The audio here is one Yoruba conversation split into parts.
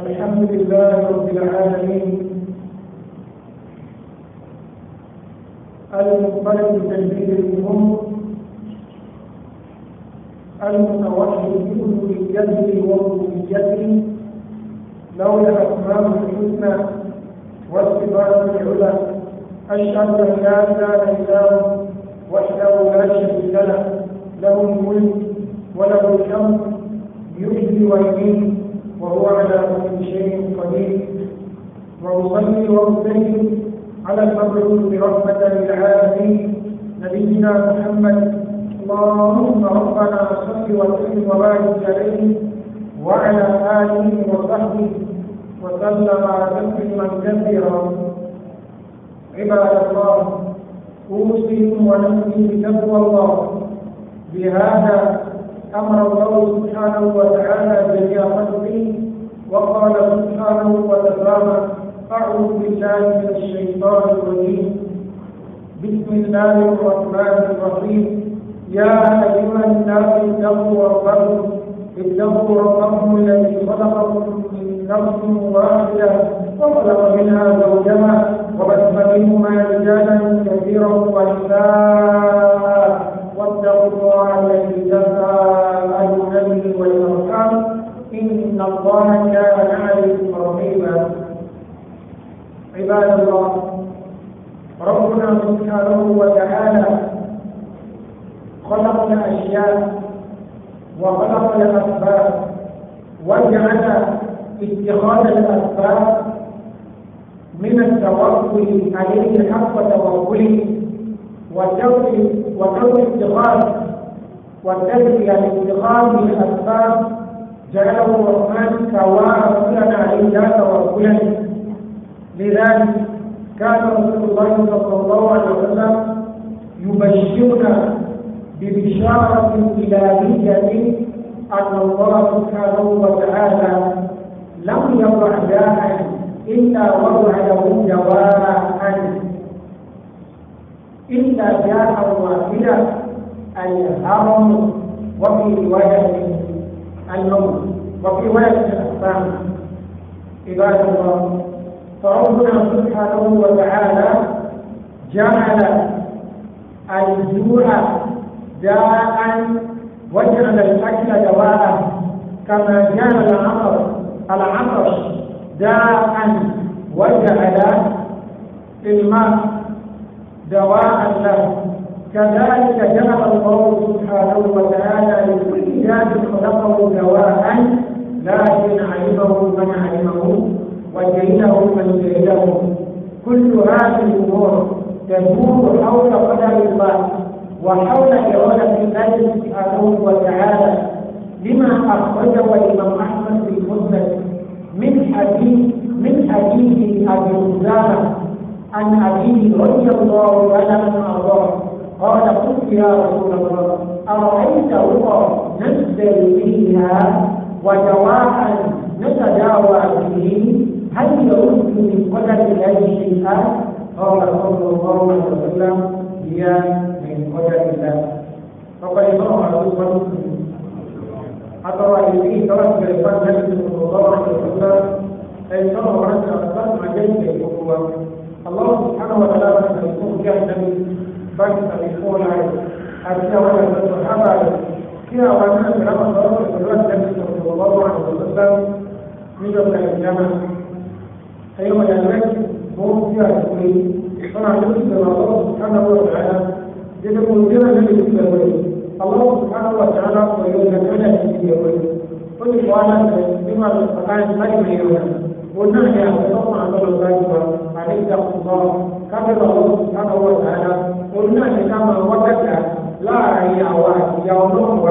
الحمد لله رب العالمين المقبل بتجديد الامور المتوحد بالوهيته وربوبيته لولا اسماء الحسنى والصفات العلى اشهد ان لا اله الا هو وحده لا شريك له له الملك وله الحمد يحيي ويميت وهو على كل شيء قدير وأصلي واصلي على المبعوث رحمة للعالمين نبينا محمد اللهم ربنا صل وسلم وبارك عليه وعلى آله وصحبه وسلم تسليما كثيرا عباد الله أوصيكم ونفسي بتقوى الله بهذا أمر الله سبحانه وتعالى بنيابته وقال سبحانه وتعالى أعوذ بالله من الشيطان الرجيم بسم الله الرحمن الرحيم يا أيها الناس اتقوا ربكم اتقوا ربكم الذي خلقكم من نفس واحدة وخلق منها زوجها وبث منهما رجالا كثيرا ونساء واتقوا الله الذي تساءلون به والارحام ان الله كان عليكم رقيبا عباد الله ربنا سبحانه وتعالى خلق الاشياء وخلق الاسباب وجعل اتخاذ الاسباب من التوكل عليه حق توكله وتروي وتروي اتخاذ والتسوية لاتخاذ الأسباب جعله الرحمن كوارثنا عند توكلا لذلك كان رسول الله صلى الله عليه وسلم يبشرنا ببشارة إلهية أن الله سبحانه وتعالى لم يضع داء إلا وضع له دواء إلا جاءت واحدة الهرم وفي رواية النوم وفي رواية الأحسان عباد الله فربنا سبحانه وتعالى جعل الجوع داء وجعل الأكل دواء كما جعل العطش العطش داء وجعل الماء دواء له كذلك جعل الله سبحانه وتعالى لكل ذات خلقه دواء لكن علمه من علمه وجهله من جهله كل هذه الامور تدور حول قدر الله وحول إرادة الله سبحانه وتعالى لما أخرجه الإمام أحمد في المسند من حديث من حديث أبي أسامة عن أبيه رضي الله عنه وأرضاه قال قلت يا رسول الله أرأيت رقى ننزل فيها ودواء نتداوى به هل يرد من قدر الله شيء قال صلى الله عليه وسلم هي من قدر الله فقد روى عثمان أترى إليه ترك الإنسان صلى الله عليه وسلم أن ترى أن أصدق جنة الأخوة Allah subhanahu wa ta'ala ṣàlùkù kí àtẹnu bá ti ṣàlùkù wọn láàyè àti àwọn ẹ̀sọ́ tó hábà rẹ̀ kí àwọn ẹ̀sọ́ tó hábà lọ́wọ́ pẹ̀lú àtẹnu sọ̀rọ̀ lọ́wọ́ àwọn ọ̀sán níjọ́ kẹrìndínláà ẹ̀yọ́ mọ̀ yàrá kí wọ́n fi àtúwé wọn àti ó ti bẹ̀rẹ̀ Allah subhanahu wa ta'ala yẹtẹ kò ní ẹ̀rọ ní ìlú ìbẹ̀rẹ̀ wẹ̀ Allah subhanahu wa ta'ala pẹ̀lú ẹ̀rọ ní ìlú ìbẹ̀rẹ̀ wẹ̀ ó ti kọ́ فليتقوا الله كما الله سبحانه وتعالى قلنا كما وكذا لا رأي أواه يوم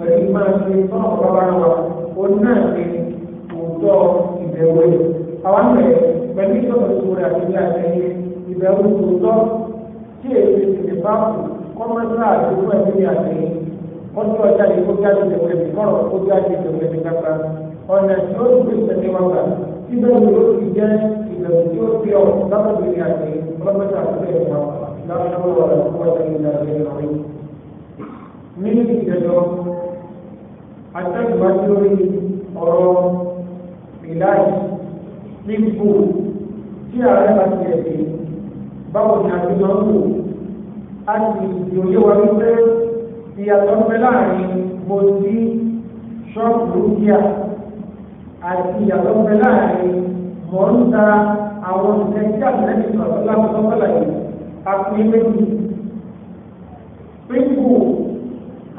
فلما سيطان ربنا قلنا وضع إبوي أولا بني صلى الله عليه وسلم ìbẹ̀rù tòótọ́ tí èyí ti bá kù kọ́mọ́tà àdúgbò ẹ̀mí àti kọ́tù ọjà ìkójáde tẹ̀wẹ̀mí kọ́rọ̀ kójáde tẹ̀wẹ̀mí kápá ọ̀nà tí ó ń gbé ìtẹ̀lé wọn gbà síbẹ̀ ni ó ti jẹ́ ìbẹ̀rù tí ó fi ọ̀ lábàbí ní àti ọlọ́pẹ́ta síbẹ̀ ìwà láṣọ ọ̀rọ̀ ọ̀rọ̀ ìlànà ìlànà ní ìjẹjọ àtẹ̀gbájú lórí ọ̀rọ̀ ìláì nípò tí ààrẹ bá ti ẹ̀sìn báwo ni àti máa ń wò á sì yòye wa wípé ìyàtọ̀ ń bẹ láàrin mo ti ṣọ́ọ̀bù rúkìá àti ìyàtọ̀ fẹ́ láàrin mọ̀ ń ta àwọn ìṣẹ́ tí àtẹ̀lẹ́sì sọ̀rọ̀ lásọ̀tọ̀fẹ́lá yìí àpín méjì pípù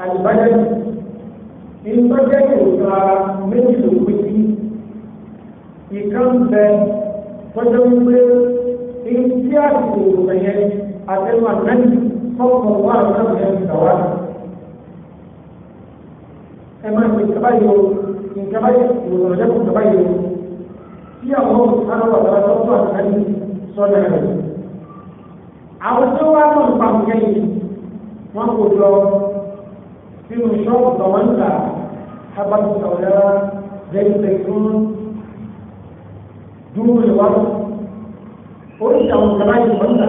àlùbájáde ìtọ́jẹ́ ìròyìn ara méjì ló pé sí ìkan bẹ tọ́jọ́ wípé ìdí àti ìròyìn yẹn àtẹnu àtẹ́lẹ́sì sọ̀rọ̀ wà lọ́sọ̀rọ̀ yẹn ìgbà wá. ẹ máa ń gbé sábà yóò nǹkan báyìí ìwòsàn ìjẹ́kùn nǹkan báyìí o tí àwọn olùsànàwà tàbí tọ́tọ́ àtàlẹ́ sọ́dọ̀ rẹ̀. àwọn tí wọ́n á mọ̀ nípa nǹkan yìí wọ́n kò lọ sínú ṣọ́ọ̀bù lọ́wọ́ níta habab sọ̀rọ̀ lẹ́yìn tẹ̀sán dúró ìwà oríṣi àwọn nǹkan báyìí wọ́n níta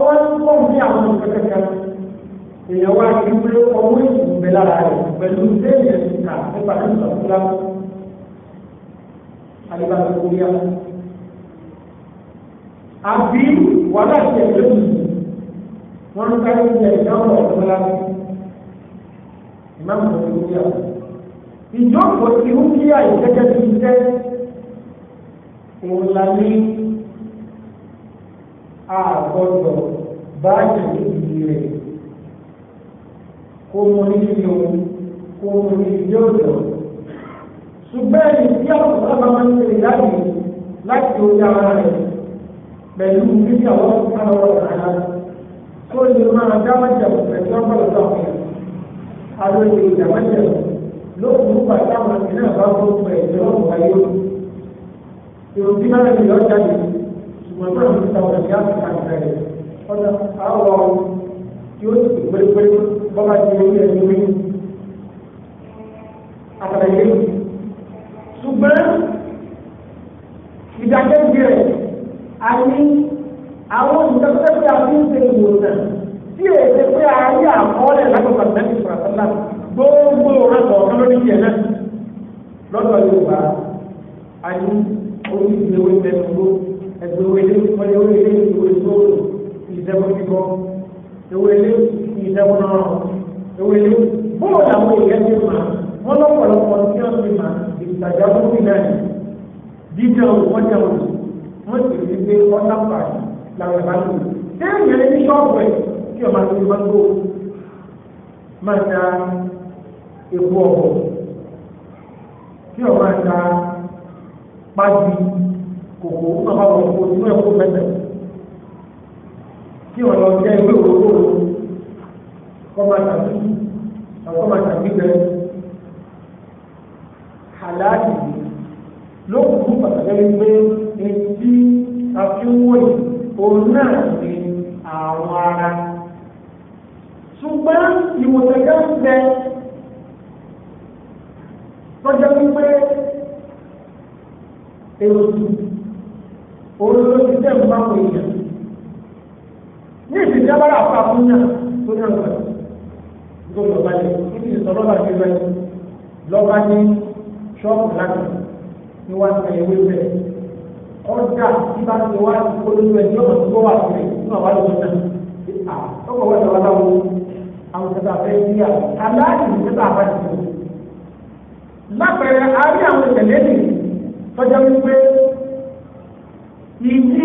ọwọ́ tó pọ̀ ní àwọn ìkẹ́kẹ́kẹ́ èèyàn wá ní pé ọwọ́ ìsìn bẹ lára rẹ̀ pẹ̀lú déèyàn ti kà nípa ní ìsọ̀kúlá àdìbàtò kúríà àbí wàhálà ti ẹ̀ lónìí wọ́n ń ká ní ilẹ̀ ìdáhùn ọ̀dọ́ lábẹ́ ìmáàmù ọ̀dọ́ kúríà ìjọ́pọ̀ ti ń kí àìsẹ́kẹ́ ti jẹ́ òun la ní àgbọ̀dọ̀ báyà níbi rẹ̀ kó mọ níbi ohun kó mọ níbi ọ̀dọ̀ ṣùgbọ́n ẹni tí ọ̀pọ̀lọpọ̀ máa ń tẹ̀lé láti láti orí ara rẹ̀ pẹ̀lú bíbí àwọn ọ̀pọ̀lọpọ̀ ọ̀rọ̀ ara tó lè máa dáwọ́jà pẹ̀lú ọ̀pọ̀lọpọ̀ àwọn ẹ̀rọ àwọn èdè ìdáwọ́jà lóògùn pàtàkì àwọn ìdílé àbáwọ̀ pẹ̀lú ọ̀pọ̀ ayé èrò tí máa ń lè ọjà yìí ṣùgbọ́n tó ọ̀nà àwọn ọ̀hún yóò ti pépé bọ́lá ti rí ẹ̀mí rí àtàlẹ́yé ṣùgbọ́n ìdákẹ́jì rẹ̀ àti àwọn ìdákẹ́jì rẹ̀ àti ìṣe ìwòsàn tí èdè pé àárí àkọọ́lẹ̀ lágbàgbà lẹ́yìn ìfàsọ́lá gbogbo rẹ̀kọ̀ ọ̀kan lórí ìyẹn náà lọ́dọ̀ Yorùbá àti orí ìdílé orí ẹ̀sùn ẹ̀sùn orí ilé ìfọ̀lẹ́ orí ilé ìfọ̀lẹ́ ìdẹ́gbẹ́bíkọ́ ewéle ìdẹ́gbọ́nọ́rọ́ ewéle bóòlù àwọn èèyàn ti mà wọ́n lọ́pọ̀lọpọ̀ tí wọ́n ti mà ìtajà wọn ti náà dídá wọn jà wọn wọ́n sì fi gbé ọ́nà pàṣẹ làwọn ẹ̀fà lò sẹ́yìn yẹn ní ṣọ́ọ̀bù ẹ̀ kí ọmọ àti ìmọ̀ gbó máa ta epo ọ̀bọ̀ kí ọmọ àti ta pàṣẹ kòkó ọmọ àwọn ọkọ̀ tí ẹ̀kọ́ mẹ́tẹ̀ẹ̀ tí ọ̀nà ọ̀jẹ́ ìwé òwúrò kọ́mà tàbí ọ̀kọ́mà tàbí bẹ́ẹ̀ àláàdì lókùnkùn pàtàkì wípé etí àfihàn òun náà ní àwọn ara ṣùgbọ́n ìwòsànká ń bẹ tọ́jọ́ wípé èrò òun ló ti tẹ̀ ń bá wọn èèyàn ní ìdíjẹ́ bá rà fún àfúnyà tó ní ọ̀sán tó lọ bá yẹ níbi ìsọ̀rọ̀ bá ti rẹ̀ lọ́ba ní ṣọ́ọ̀bù láti ní wá sí ẹ̀wé bẹ̀ ọjà tí bá ti wá sí olóyún ẹ̀ yọ̀ọ̀ tó wà sí rẹ̀ nínú àwọn àlọ́ náà à ọkọ̀ wẹ̀ lọ́wọ́ láwo àwọn ìjọba fẹ́ yí à aláàjì ìjọba àbájá lápẹẹrẹ àárín àwọn ìṣẹ̀lẹ̀ nì tọ́jà wípé ìdí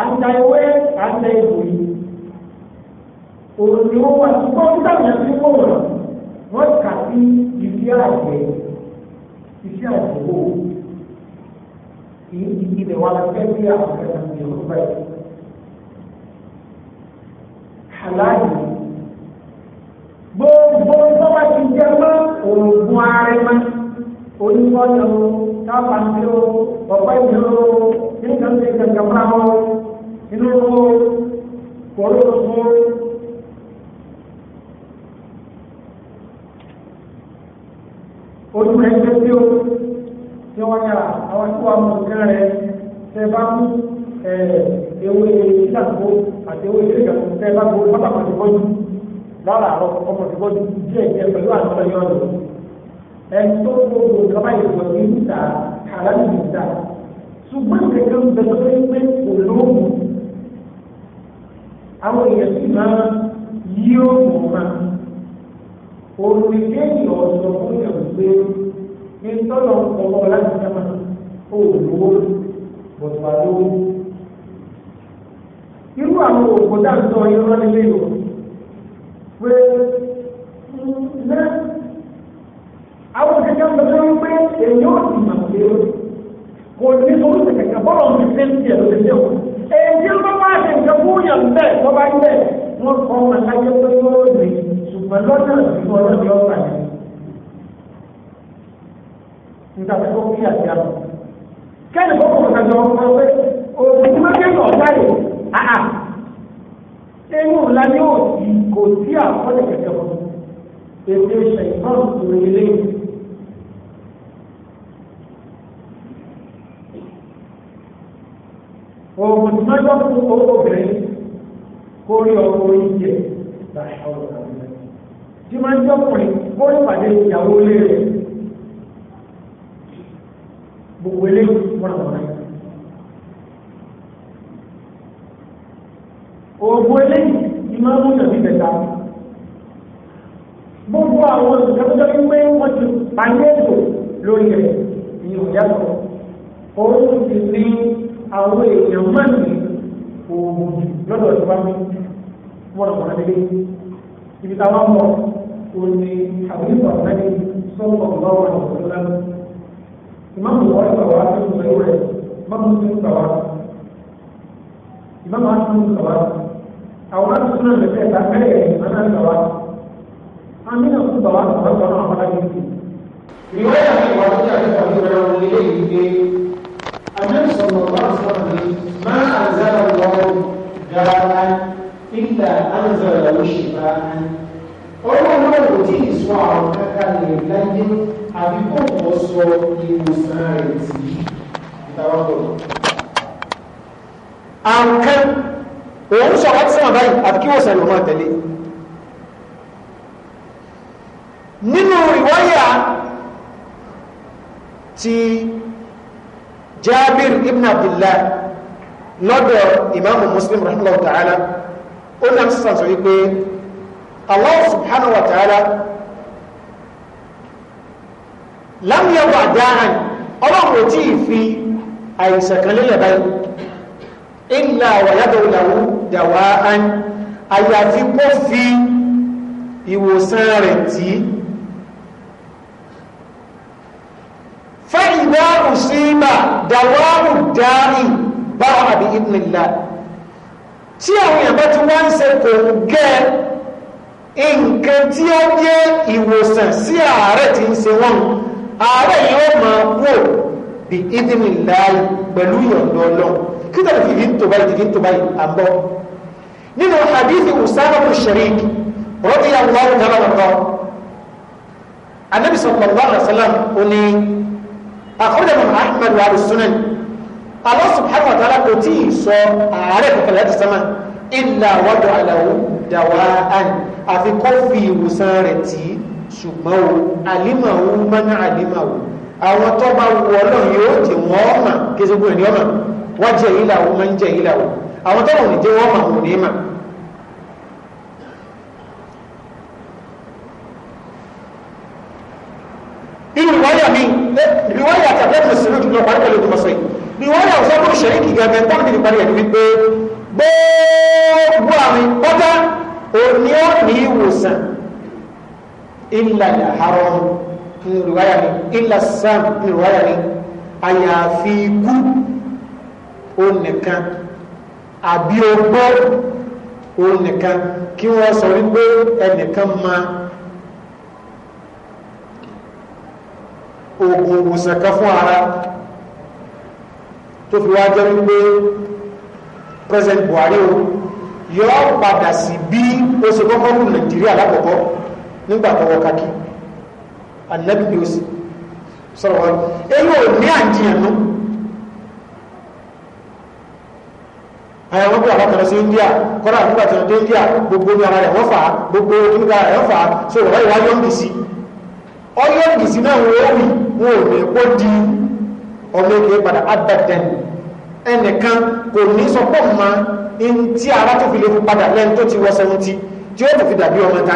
àtà ìwé àtà ìwé òun ni wọ́n wà sí kọ́ńtà yẹn tí wọ́n wọ̀ wọ́n kà sí ìfẹ́ àgbẹ̀ ìfẹ́ àgbẹ̀ wò ìdílé wa la fẹ́ bí àwọn ẹ̀ka ti yọ̀ ọ́ báyìí. Àlàyé gbogbo ìfọwọ́sí jẹ́ mọ́ òògùn arẹ́mọ́ onímọ̀jọ́ káfàǹdìó ọ̀pẹ́jọ́ nígbàgbé gàgàmáwọ́ inú kòrókò. ojú ẹgbẹ́ tí ó tí wọ́n yára àwọn tí wọ́n mú nǹkan rẹ̀ tẹ bá mú ewé ìdàgbò àti ewé ìdàgbò tẹ bá mú pápákọ̀ ìbọ́jú lọ́la àrọ́ ọmọ ìbọ́jú díẹ̀ díẹ̀ pẹ̀lú àtọ́yọ́ rẹ̀ ẹni tó gbogbo kaba ìwọ ìlú ta kàrà nìyí ta ṣùgbọ́n kẹ̀kẹ́ ń bẹ tó ń pẹ́ olóògùn àwọn èèyàn sì máa yí òògùn máa olùdíje yìí ọ̀sọ̀ fún ìyàwó pé ní tọ́lọ̀ ọ̀pọ̀ láti sábà olùwó bọ̀tùbà lówó. irú àwọn òògùn dáńtọ́ irọ́ nílé o pé náà àwọn òṣìṣẹ́ ń bẹ̀rẹ̀ wípé èyí ò sì mà pé kò ní sọ́wọ́ ìṣẹ̀kẹ̀kẹ̀ bọ́ọ̀lù ti fi ń tiẹ̀ lóde dé o. èyí ló bá ṣe nǹkan fún yàn bẹ́ẹ̀ tó bá ń bẹ̀ wọ́n kọ́ ọmọ láyé pé yóò rè ṣùgbọ́n lọ́nà ìfọ̀ lọ́dẹ ọ̀gbà yẹn. nígbà tó kí àti àná. kẹ́ni kókò kò sàgbà ọkọ pé òṣìṣẹ́ méjèèjì ọ̀gá yìí àà ẹ̀yìn òun láyé òsì kò sí àkọọ́lẹ̀ kẹ̀kẹ́ wọn. ètò ìṣẹ̀yìn náà oògùn tí wọ́n jọ fún obìnrin kó rí ọkọ̀ orí jẹ láṣà ọ̀rọ̀ tí wọ́n jọ fún ẹ̀ kó rí pàdé ìyàwó lé rẹ̀ gbogbo eléyìí wọ́n lọ rẹ̀. oògùn eléyìí ni máa ń mú ìyàwó ìbẹ̀ta gbogbo àwọn ìjọba wípé wọ́n ti pàdé ètò lórí rẹ̀ ìyàwó yàtọ̀ òun ti ní àwọn èèyàn máa ní oògùn lọ́dọ̀ ìjọba mi wọ́n lọ́wọ́ nílé ibi táwọn mọ̀ òun ni àwọn ìgbà náà ní sọ́kọ̀ lọ́wọ́ àwọn ọ̀dọ́ ìmáàmù wọ́n ìgbà wá tó ń sọ ìwé ìmáàmù tó ń gbà wá ìmáàmù á tó ń gbà wá àwọn láti súnà lẹ́sẹ̀ ta mẹ́rẹ̀ ìmáàmù á gbà wá àmì náà tó gbà wá tó bá àwọn ilé النبي صلى الله عليه وسلم ما أنزل الله داء إلا أنزل له شفاء ọlọ́run náà kò tí ì sọ àwọn kankan lè láyé àbí kò kò sọ ìwòsàn rẹ̀ tì í àǹkan òun sọ láti sọ́wọ́n báyìí àbí kí wọ́n sọ ìwọ̀n máa tẹ̀lé nínú ìwáyà ti jabir ibn abdullah lọ́dọ̀ ìmáàmù muslim rahimahullah ta'ala ó ní àmì sísan sọ wípé allah subhanahu wa ta'ala lam yawa dáhàn ọlọ́run ò tí ì fi àìsàn kan lélẹ̀ báyìí illa wa yadaw lahu àyàfi kó fi ìwòsàn rẹ̀ tí fa'ida usiba dawamu da'i bára àbí ìdìnnìlá tí àwọn èèyàn bá ti wá ń ṣe kò ń gẹ́ nǹkan tí ó jẹ́ ìwòsàn sí ààrẹ tí ń ṣe wọn ààrẹ yóò máa wò bí ìdìnnìlá pẹ̀lú ìyọ̀ndọ̀ ọlọ́run kí tẹ̀lé fi ń tó báyìí fi ń tó báyìí àbọ̀ nínú hadithi usama bin sharik rọ́bìyà wàhùn náà lọ́wọ́ anabi sallallahu alaihi wasallam àkọ́jọ́ mọ̀ ahmed wa alùsùnẹ̀ Allah subhanahu wa ta'ala kò tí ì sọ ààrẹ kọkànlá ti sánmà ìlà wọ́dọ̀ àlàó dàwà àn àfi kó fi ìwòsàn rẹ̀ tì í ṣùgbọ́n o àlímàwó mọ́nà àlímàwó riwaya mi eh, riwaya tàbí ìsinmi jùlọ parí pẹ̀lú ìdúmọ̀ sọ yìí riwaya ọ̀sán fún ìṣẹ̀lẹ̀ kì gẹ̀gẹ̀ tó ní parí ẹ̀ wípé gbogbo àrùn pátá òní ó ní ìwòsàn ilà ìhàrọ̀ riwaya mi ilà sam riwaya mi àyàfi ikú ó nìkan àbí ogbó ó nìkan kí wọ́n sọ wípé ẹnìkan máa oògùn ìwòsàn kan fún ara tó fi wá jẹ́ wípé president Buhari o yọ padà sí bí ó ṣe kọ́kọ́ lù Nàìjíríà lákọ̀ọ́kọ́ nígbà tọwọ́ kakí anabi ni ó sì sọ̀rọ̀ wọn èyí ò ní àjíyàn nú àwọn ọmọ bí sí India kọ́ra nígbà tí wọ́n dé India gbogbo ní ara rẹ̀ wọ́n fà á gbogbo nígbà rẹ̀ wọ́n fà á so ìwọ́n ìwáyọ́ ń bì sí i ọlọ́dì sí náà wọ́n wí wọn ò lè kó di ọlọ́dì padà abadan ẹnìkan kò ní sọ pọ̀ ma in tí ara tó fi lè fún padà lẹ́nu tó ti wọ sẹ́wọ́ntì tí ó tó fi dàbí ọmọ 35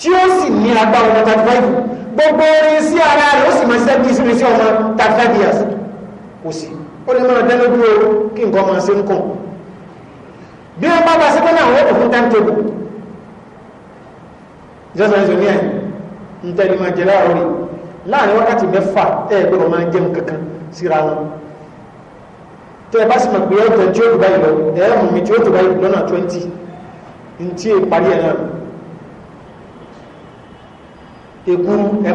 tí ó sì ní agbá ọmọ 35 gbogbo orin sí ara rẹ̀ ó sì máa ṣẹ́ bíi sírin sí ọmọ 35 years kò sí ó lè máa dẹ́lójú o kí nǹkan máa ṣe ń kàn bí wọ́n bá bá sí pé náà wọ́n kò fún time table just like ntẹni máa jẹ láàárọ̀ rẹ̀ láàrin wákàtí mẹ́fà ẹ gbọ́dọ̀ máa jẹun kankan síra wọn tẹ ẹ bá sì mọ̀ pé ẹ tẹ tí ó tó báyìí lọ ẹ mú mi tí ó tó báyìí lọ́nà twenty ntí parí náà méjì ẹ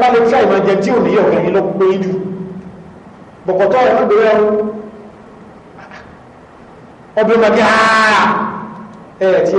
bá lè jẹ tí ò níyẹ̀ ọ̀gá lọ pé jù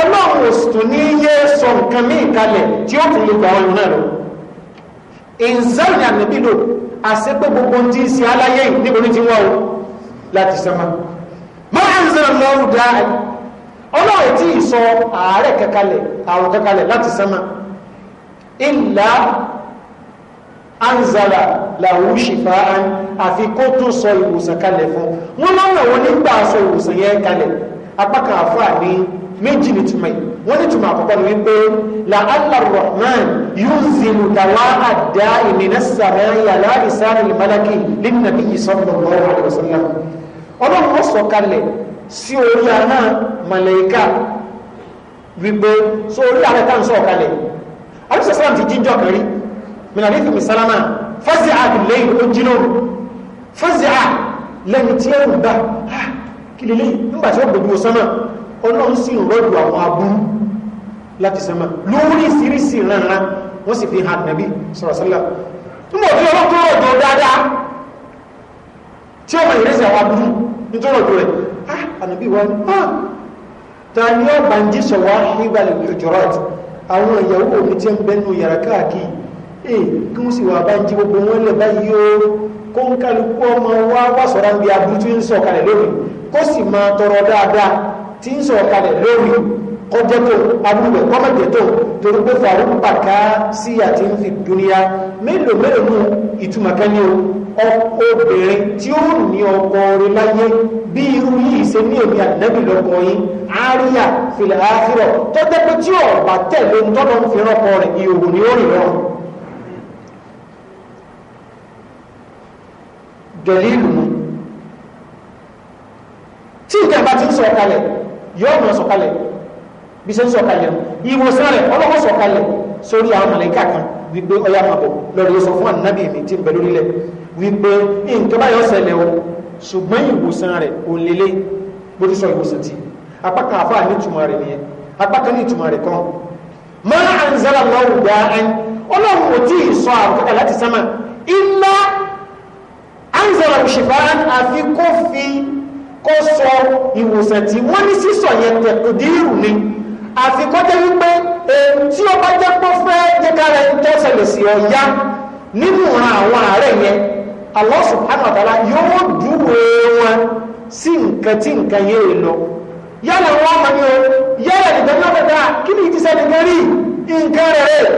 ọlọ́run òsìtò ní yé sọ nǹkan mí ìkalẹ̀ tí ó tún lè gbà ọyún náà lọ ìǹsẹ́rìn àmì bílò àṣepẹ́ gbogbo ń tí ń ṣe aláyé níbo ní ti wọ́n o láti sẹ́mà máa ń sẹ́rìn lọ́rùn dá ọlọ́run tí ì sọ ààrẹ kẹkalẹ̀ àrùn kẹkalẹ̀ láti sẹ́mà ìlà anzala làwọn òṣìfà àfi kó tó sọ ìwòsàn kalẹ̀ fún wọn lọ́nà wọn nígbà sọ ìwòsàn yẹn kalẹ̀ apá kan àfọ méjì ní tìmọ̀ yìí wọ́n ní tìmọ̀ àkọ́kọ́ ni wípé la'alla rahman yunzilu dawa àdá ìmìnà sàmẹ́ yàrá ìsáàrin ìbálàkì lẹ́nàbí sallallahu alaihi wasallam ọlọ́run ó sọ̀kalẹ̀ sí orí àná màlẹ́kà wípé so orí àná tá à ń sọ̀kalẹ̀ alisa salam ti jíjọ kẹrí minari fi misalama fazi'a lẹ́yìn ó jiná fazi'a lẹ́yìn tí ó ń bá ah, kí lélẹ́yìn nígbà ó gbogbo sánmà ọlọ́run sì rọ́dù àwọn aburú láti sẹ́mà lórí ìsirísi ìranran wọ́n sì fi hàn nàbí sọ̀rọ̀sọ́lá nígbà tí ọlọ́run tó rọ̀dù dáadáa tí ọmọ ìrẹsì àwọn aburú nítorí ọ̀dọ̀ rẹ̀ ah ànàbí wọn ah ta ni ó bá ń jí sọ̀wọ́ ìgbàlẹ̀ ìjọ́rọ̀t àwọn ìyàwó mi ti ń bẹnu yàrá káàkiri eh kí wọ́n sì wà bá ń jí gbogbo wọn lẹ̀ báyìí ó kó ń kálukú ọmọ wa wá sọ̀rọ̀ ń bi aburú tí ń sọ̀kalẹ̀ lónìí kó sì máa tọrọ dáadáa tí ń sọ̀rọ̀ kalẹ̀ lórí kọjẹ́ tó abúlé tó torí pé fàrúkú sí àti ń fi dúníyà mélòó mélòó mú ìtumọ̀ ní o obìnrin tí ó ní ọkọ rẹ láyé bí irú yìí ṣe ní èmi ànábì lọkọ yín àríyá fìlà áfírọ tó jẹ́ pé tí ọba tẹ̀lé ń tọ́lọ́ ń fi rọ́pò rẹ̀ ìhòòhò ni ó rìn lọ́rùn. dọ̀lí ìlú yóò mọ̀ sọ̀kalẹ̀ bí sẹ́ ń sọ̀kalẹ̀ ìwòsàn rẹ̀ ọlọ́wọ́ sọ̀kalẹ̀ sórí àwọn mọ̀lẹ́kà kan wípé ọya màbọ̀ lọ́rọ̀ yóò sọ fún ànábì mi tí ń bẹ lórílẹ̀ wípé nǹkan báyọ̀ ṣẹlẹ̀ o ṣùgbọ́n ìwòsàn rẹ̀ ò lélẹ̀ bó ti sọ ìwòsàn ti apá kan àfa ní ìtumọ̀ rẹ̀ nìyẹn apá kó sọ ìwòsàn tí wọ́n ní sísọ yẹn tẹ̀kùdírù ni àfikọ́jẹ́ wípé èyí tí ó bá jẹ́ pọ́ fẹ́ jẹ́kára ẹni tó ṣẹlẹ̀ sí ọ̀yá nínú àwọn ààrẹ yẹn Allah subhanahu wa ta'ala yóò dúró wọn sí nǹkan tí nǹkan yẹn lọ yálà wọn mọ ní o yálà nìkan náà bẹ̀rẹ̀ kí ni ìtìsẹ́ nìkan rí nǹkan rẹ̀ rẹ̀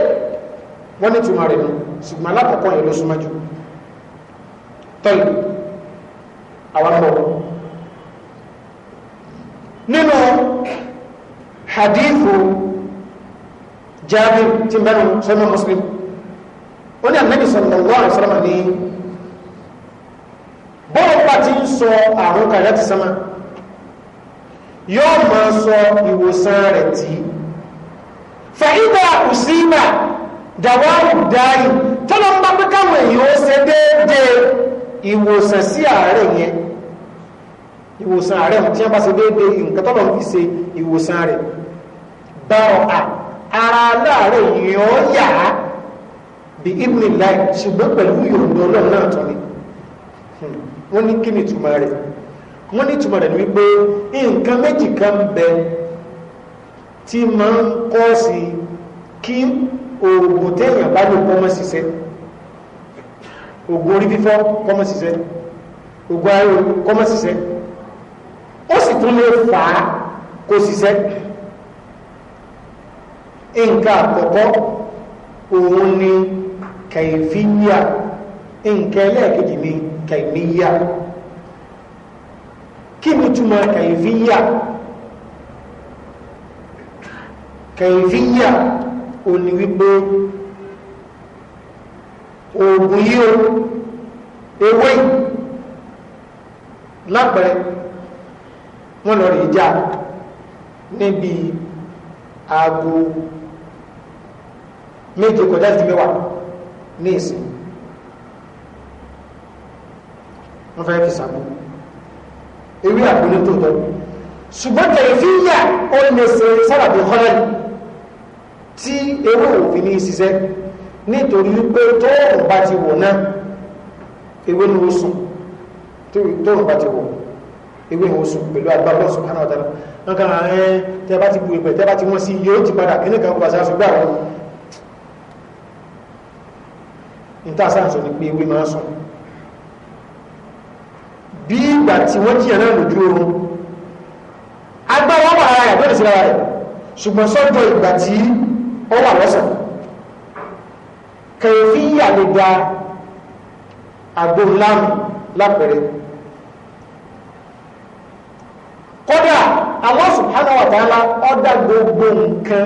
wọ́n ní tùmọ̀ rẹ̀ nù ṣùgbọ́n alákọ̀ọ́kọ́ yẹn ló súnmọ́ jù tọ́lù àwọn bọ̀ nínú hadithu jabir tí mẹ́rin sọ́nà muslim ó ní ànábì sallallahu alaihi wasallam ní bọ́ọ̀pá ti ń sọ àrùn kàrẹ́ ti sánmà yóò máa sọ ìwòsàn rẹ̀ tí fàídà òsínà dàwárù dáyì tọ́lọ́mbà pé káwọn èèyàn déédéé ìwòsàn sí àárẹ̀ yẹn ìwòsàn rẹ̀ tí wọ́n bá ṣe déédéé nǹkan tọ́lọ̀ fi ṣe ìwòsàn rẹ̀ bá ọ à ara láàárẹ̀ yìí ó yà á bí ibùdó láì ṣùgbọ́n pẹ̀lú yòòdó ọlọ́run náà tọ́ ni hmm, wọ́n ní kí ni ìtumọ̀ rẹ̀ wọ́n ní ìtumọ̀ rẹ̀ ni wípé nǹkan méjì kan bẹ tí máa ń kọ́ sí kí oògùn téèyàn bá lò kọ́mọ́ ṣiṣẹ́ orí fífọ́ kọ́mọ́ ṣiṣẹ́ oògùn ayọ̀ ó sì tún lè fà á kó ṣiṣẹ́ nǹkan àkọ́kọ́ òun ni kẹ̀yìnfíyà nǹkan ẹlẹ́ẹ̀kejì ni kẹ̀yìnmíyà kí ni túmọ̀ kẹ̀yìnfíyà kẹ̀yìnfíyà òun ni wípé oògùn yìí ewé lápẹ̀rẹ̀ wọ́n lọ rí já níbi aago méje kọjá sí mẹ́wàá ní ìsìn wọ́n fẹ́ fi sàmú ewé àgbélé tó tọ́ ṣùgbọ́n tẹ̀lifíyà ó lè ṣe sábàbí kọ́lẹ́lì tí ewé òfin ní ṣiṣẹ́ nítorí pé tóòrùn bá ti wọ̀ náà ewé ni ó tóòrùn bá ti wọ̀ náà ewé ìwòsàn pẹ̀lú agbábọ́ subhanahu wa ta'ala wọn kàn án ẹ́ tẹ́ bá ti bu ìpẹ́ tẹ́ bá ti wọ́n sí yóò ti padà kí nìkan pàṣẹ àṣùgbà wọn ní tá a sáà sọ ni pé ewé máa ń sùn bí ìgbà tí wọ́n jìyàn náà lójú oorun agbára wà ara rẹ̀ bẹ́ẹ̀ sí ara rẹ̀ ṣùgbọ́n sọ́jọ́ ìgbà tí ó wà lọ́sàn kẹ̀yìn lè da àgbò ńlá lápẹ̀rẹ̀ Allah subhanahu wa ta'ala ọ̀dà gbogbo nǹkan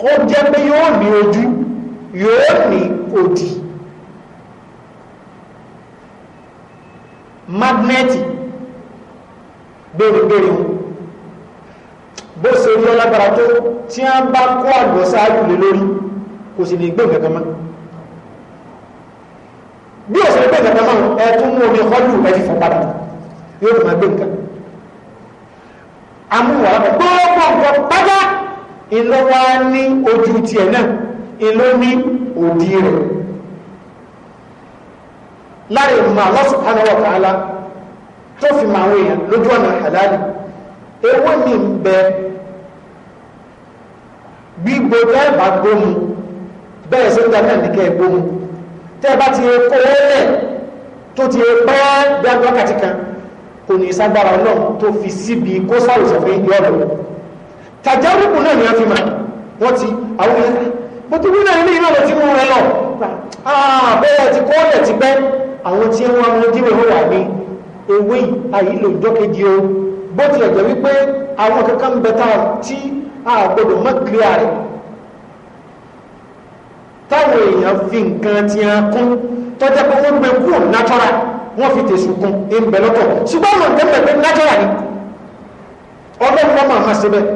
kó jẹ́ pé yóò ní ojú yóò ní òdì magnẹ́tì gbèrègbèrè bó ṣe rí ọlágbára tó tí a bá kó àgbọ̀sáàrù lé lórí kò sì ní gbé nǹkan mọ́ bí ò sì ní mọ́ ẹ tún mú omi ọlù ẹ ti fọ́ padà yóò tún máa gbé nǹkan amúwàá gbogbo nǹkan pátá ìlọ wa ní ojú tiẹ̀ náà ìlọ ní òdì rẹ̀ láàrin ìmọ̀ Allah subhanahu wa tó fi máa wọ èèyàn lójú ọ̀nà àdáàdì ewé ní ń bẹ gbígbó tẹ́ẹ̀bà gbóhun bẹ́ẹ̀ sí ìgbà náà nìkẹ́ gbóhun tẹ́ẹ̀bà ti kó lẹ̀ tó ti pẹ́ kò ní ságbára ọlọ́run tó fi síbi kó sàrùsọ̀ pé yọ lọ tàjárùkù náà ni a fi mà wọ́n ti àwọn ẹ̀rọ bó ti wúlò ilé ìrọ̀lẹ́ tí wọ́n rẹ lọ ah, bẹ́ẹ̀ ti kọ́ ọ̀lẹ̀ ti pẹ́ àwọn tí wọ́n mú díwẹ̀ ó wà ní ewé àyílò ìjọ́kejì o bó tilẹ̀ jẹ́ wípé àwọn kankan ń bẹ̀ta tí a gbọdọ̀ mọ́ kíríà rẹ̀ táwọn èèyàn fi nǹkan ti hàn kún tọ́jẹ́ pé wọ́n gbé kúrò náturà wọ́n fi tèṣù kun ń bẹ lọ́tọ̀ ṣùgbọ́n àwọn nǹkan bẹ̀rẹ̀ nájọ́ra ni ọlọ́run wọn máa máa ṣe bẹ́ẹ̀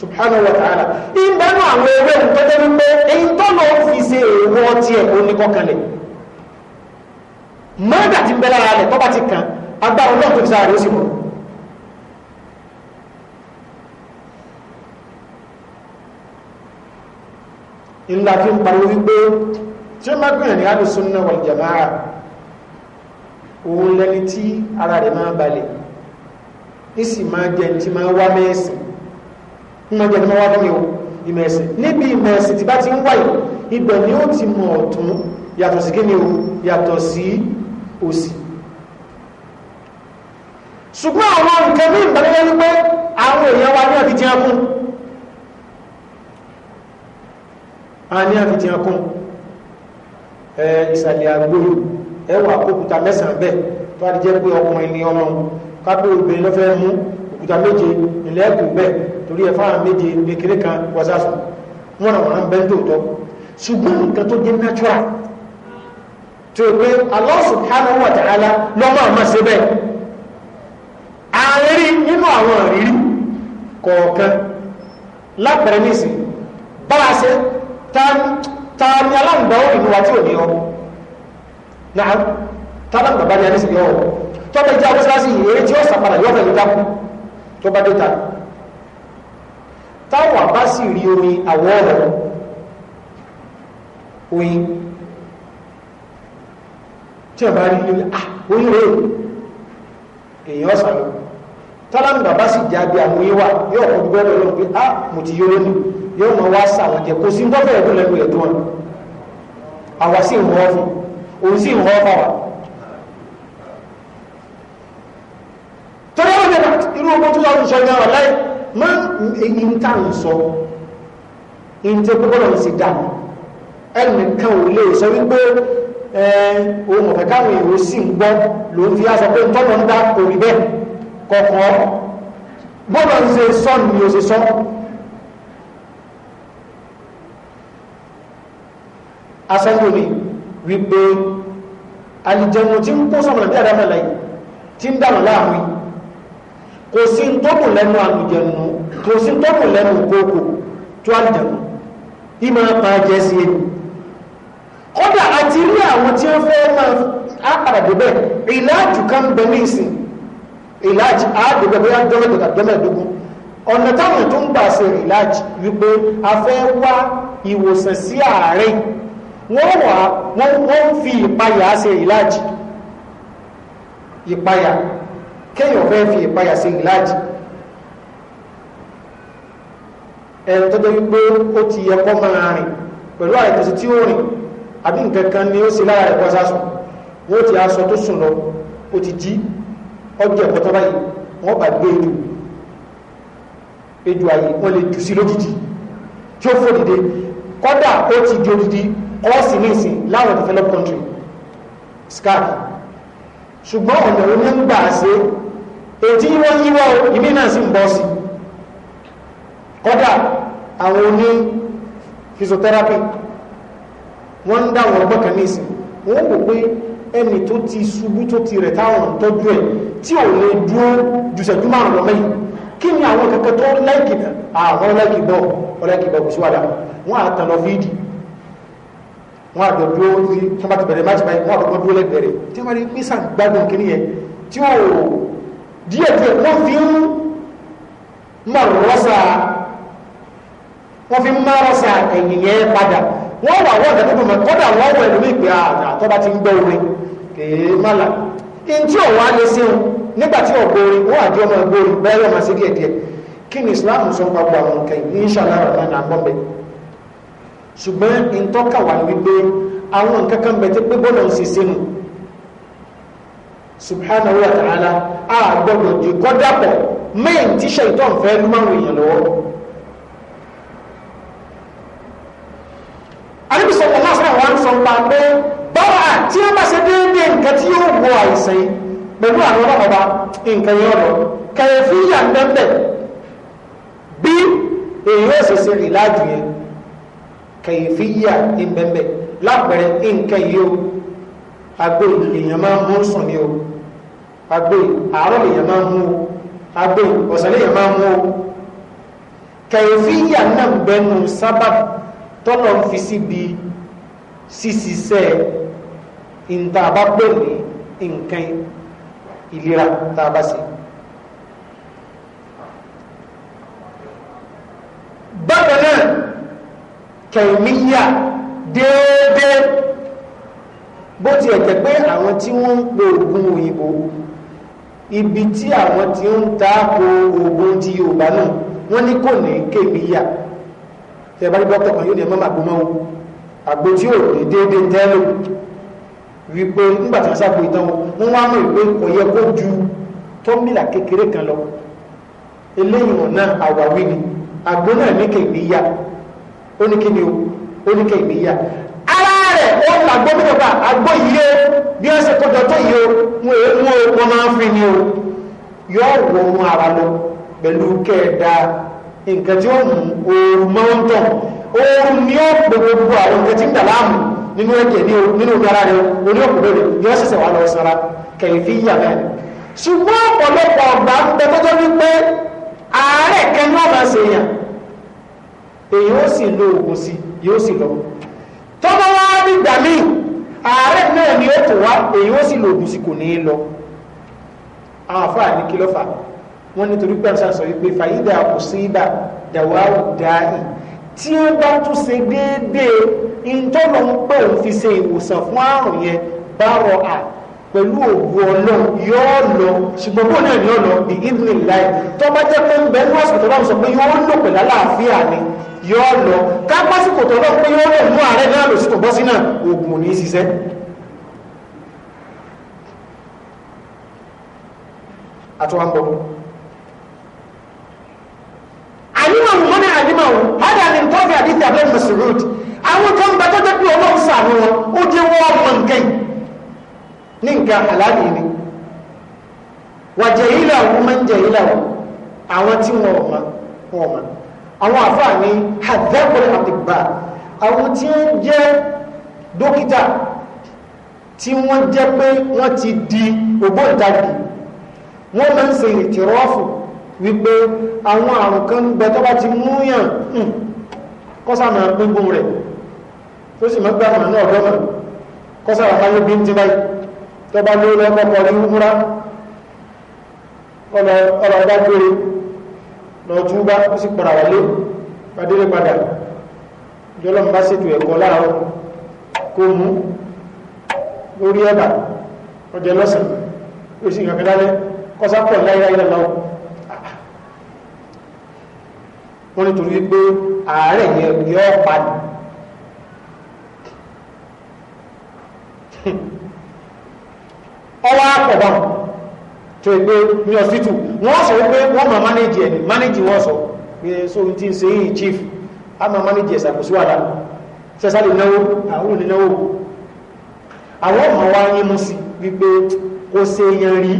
subhanahu wa ta'ala ìbẹ́nu àwọn ewé ìtọ́jọ́ wípé èyí tó lọ fi ṣe èrò ọtí ẹ̀ ó ní kọ́kànlẹ̀ òun lẹni tí ara rẹ̀ máa balẹ̀ ìsì máa jẹ́ tí máa wá mẹ́ẹ̀sì ń máa jẹ́ tí máa wá bí o ìmẹ̀ẹ̀sì níbi ìmẹ̀ẹ̀sì tí bá ti ń wáyé ibẹ̀ ni ó ti mọ̀ yàtọ̀ sí kíni o yàtọ̀ sí òsì àwọn nǹkan ní pé àwọn èèyàn wa ní akún a ní akún ẹ wà òkúta mẹ́sàn-án bẹ́ẹ̀ tó a ti jẹ́ pé ọkùnrin ni ọlọ́run kápẹ́ obìnrin lọ́fẹ́ mú òkúta méje ilẹ̀ ẹ̀kú bẹ́ẹ̀ torí ẹ̀ fáwọn méje kékeré kan wọ́sàsùn wọ́n náà wọ́n bẹ́ẹ̀ tóòtọ́ ṣùgbọ́n nǹkan tó jẹ́ natural tó o pé Allah subhanahu wa ta'ala lọ́mọ àmọ́ ṣe bẹ́ẹ̀ àárín nínú àwọn àrírí kọ̀ọ̀kan lápẹ̀rẹ̀ nísìn bá a ṣe ta ni aláǹgbá ó tí ò ní ọ náà tábà bàbá ní adé sì yọ ọ tọ́ba ìjà mọ́sálásí èyí tí ó sàpadà yọ fẹ́ ló dákú tó bá dé ta táwọn àbá sì rí omi àwọ̀ ọ̀rọ̀ oyin tí a rí omi ah oyin rèé èèyàn ọ̀sán lọ bàbá sì jẹ́ abẹ́ àwọn oyin wa yóò kọ́ dúpẹ́ lọ́wọ́ pé ah mo ti yọ lónìí yóò mọ wá sàwọn jẹ kò sí ń bọ́ fẹ́ẹ̀ tó sì ń wọ́n fún un òun sì ń họ́ fà wá. torí àwọn ìjọba irú ogun tó yàwó ìṣọ́jà wà láì má èyí ń tà ń sọ ìyí tí gbogbo náà sì dà ẹnìkan ò lè sọ wípé ohun ọ̀fẹ́ káwọn èrò sì ń gbọ́ ló ń fi ni wípé alìjẹnu tí ń kó sọ̀rọ̀ bí àdámọ̀ tí ń dànù láàrin kò sí ń lẹ́nu àlùjẹnu kò sí ń lẹ́nu kókò tó àlùjẹnu ìmọ̀ pa jẹ́ sí ẹni kódà àti rí àwọn tí wọ́n fẹ́ máa á débẹ̀ ìlàjù kan bẹ ní ìsìn wọ́n wà wọ́n fi ìpayà ṣe ìlàjì ìpayà kéèyàn fẹ́ fi ìpayà ṣe ìlàjì ẹ̀rọ tó jẹ́ wípé ó ti yẹ kọ́ máa rìn pẹ̀lú àìtẹ̀sí tí ó rìn àbí nǹkan kan ni ó sì lára ẹ̀kọ́ sásùn wọ́n ti aṣọ tó sùn lọ ó ti jí ọjọ́ ẹ̀kọ́ tó báyìí wọ́n bá gbé ejò ejò àyè wọ́n lè jù sí lójijì tí ó fò dìde kọ́dà ó ti di wọ́n sì ní ìsìn láwọn developed country scarf ṣùgbọ́n ọ̀nà oní ń gbà ṣe ètí wọ́n yíwọ́ ìmí náà sì bọ́ sí kọ́dà àwọn oní physiotherapy wọ́n ń dá àwọn ọgbọ́n kan ní ìsìn wọ́n wò pé ẹni tó ti ṣubú tó ti rẹ̀ táwọn ń tọ́jú ẹ̀ tí ò lè dúró jùṣẹ́jú márùn lọ mẹ́yìn kí ni àwọn kankan tó láìkì àwọn láìkì bọ́ kò sí wọ́n àtàlọ́ fídíì wọn àjọ dúró sí tí wọn bá ti bẹ̀rẹ̀ máa ti báyìí wọn àkọ́kọ́ dúró lẹ́gbẹ̀rẹ̀ tí wọn rí pé sàn gbádùn kí nìyẹn tí ó díẹ̀ díẹ̀ wọ́n fi ń mọ̀ rọ́sà wọ́n fi ń márọ́sà ẹ̀yìn yẹn padà wọ́n wà wọ́n ọ̀dà ah, tó mọ̀ kọ́dà wọ́n wọ̀ ẹ̀lú ìpè àtọ́bá ti ń gbọ́ orin kèé mọ́là in tí ò wá lè síun nígbà tí ọ̀gbọ́ orin wọ́n àjọ ọmọ ẹgbẹ́ orin bẹ́ẹ̀ yọ̀ máa sí díẹ̀díẹ̀ kí ni Islam sọ gbogbo àwọn nǹkan yìí inshallah rahman àgbọ̀nbẹ̀ẹ́ ṣùgbọ́n ìtọ́ka wà wípé àwọn nǹkan kan bẹ̀ tí pé bọ́ọ̀lù ń ṣiṣẹ́ nù wa ta'ala a gbọ́dọ̀ di kọ́dàpọ̀ mẹ́yìn tí ṣèǹtọ́n fẹ́ ló máa ń ròyìn lọ́wọ́. àdébí sọ̀rọ̀ náà sọ̀rọ̀ wọn sọ pa pé báwa tí wọ́n bá ṣe déédéé nǹkan tí yóò wọ àìsàn yìí pẹ̀lú àwọn ọlọ́mọba nǹkan yẹn lọ kẹ̀yẹ̀fì yà ń bẹ́ẹ̀ bí èyí ṣe ṣe rìn yẹn kẹ̀yìnfìyà ìbẹ̀mẹ̀ lápẹ̀rẹ̀ nǹkan yìí o agbé èèyàn máa ń mú sùn ní o agbé àárọ̀ èèyàn máa ń mú o agbé ọ̀sán èèyàn máa ń mú o kẹ̀yìnfìyà náà bẹnu sábà tọ́lọ̀ fi síbi ṣíṣiṣẹ́ ìta nǹkan ìlera tá bákan náà tẹ̀míyà déédéé bó ti ẹ̀jẹ̀ pé àwọn tí wọ́n ń pe oògùn òyìnbó ibi tí àwọn tí ń ta ko oògùn ti Yorùbá náà wọ́n ní kò ní kémíyà tẹ̀ bá rí dókítà kan yóò ní ẹ̀ mọ́ màgbọ́mọ́ o àgbo tí ò ní déédéé tẹ́lẹ̀ wípé nígbà sábò ìtàn wọn wá mú ìwé kò kó ju tọ́mìlà kékeré kan lọ eléyìí náà àwáwí ni àgbo náà ní kémíyà ó ní kí ni o ó ní kẹ́ ìgbéyà ara rẹ̀ ó ń làgbó bí nípa àgbó yìí o bí wọ́n ṣe kọjọ tó yìí o wọn èé mú o wọn máa fi ni o yọ wọ ohun ara lọ pẹ̀lú kẹ́ẹ̀dá nǹkan tí ó mú oorun máa ń ni ó pe gbogbo àwọn nǹkan tí ń dà láàmú nínú ẹ̀jẹ̀ ní o nínú omi ara rẹ̀ o ní òkú lórí yọ ṣẹ̀ṣẹ̀ wà lọ sara kẹ̀yìnfì yà bẹ́ẹ̀ ṣùgbọ́n ọ̀pọ̀lọpọ̀ ọ̀gbà ń bẹ tọ́jọ́ wípé ààrẹ kẹ́ ní ṣèyàn èyí ó sì lo ògùn sí yóò sì lọ tọ́ba wá nígbà míì ààrẹ náà ni ó tó wá èyí ó sì lo ògùn sí kò ní í lọ àwọn àfáà ní kí ló fà wọ́n nítorí pé àṣà sọ wípé fàyídà kò sí ibà dàwáwù dáì tí ó bá tún ṣe déédéé ìtọ́nà ń pè òun fi ṣe ìwòsàn fún àrùn yẹn bá rọ à pẹ̀lú òògùn ọlọ́run yóò lọ ṣùgbọ́n bó náà ni ó lọ bí ìdílé láì tó bá jẹ́ pé ń bẹ́ẹ̀ ní ọ̀sán tó bá ń sọ pé yóò lò pẹ̀lú àlàáfíà ni yóò lọ kápásìkò tó lọ pé yóò lọ mú ààrẹ náà lòsí tó bọ́ sí náà ní ṣiṣẹ́ àtúwàpọ̀ ànímọ̀rún mọ́nà ànímọ̀rún hádà ní tọ́fì mẹ́sìrúdì àwọn kan bá tọ́jọ́ pé ọlọ́run sàánú wọn ó nǹkan ní nǹkan ni wà jẹ̀yìnlá òun máa àwọn àfáà ni? hadzakul atibba àwọn tí ń jẹ́ dókítà tí wọ́n jẹ́ pé wọ́n ti di ògbóǹtarìgì wọ́n máa ń ṣe ìtìrọ́fù wípé àwọn àrùn kan ń bẹ tó bá ti múyàn hmm, kọ́sàmà gbogbo rẹ̀ tó sì mọ́ gbàmà náà lọ́mà kọ́sàmà fáyé bí ń ti báyìí tó bá lóòlọ́kọ́kọ́ rí múra lọ́tún bá ó sì padà wọlé padìrí padà jọlọ́n bá ṣètò ẹ̀kọ́ láàárọ̀ kó mú lórí ẹ̀bà ọjọ́ lọ́sàn ó sì kankan lálẹ́ kọ́sápọ̀ láyé lọ́wọ́ wọ́n ní torí pé ààrẹ yọ padà ọwọ́ àpọ̀bọ̀n tó ẹgbẹ́ ní ọ̀sítù wọ́n sọ wípé wọ́n ma manage ẹni manage wọ́n sọ so n ti ń ṣe yìí chief a ma manage ẹ̀sà kò síwádà sẹ́sà lè náwó àwọn olè náwó àwọn ọmọ wa yín mú sí wípé kó ṣe yẹn rí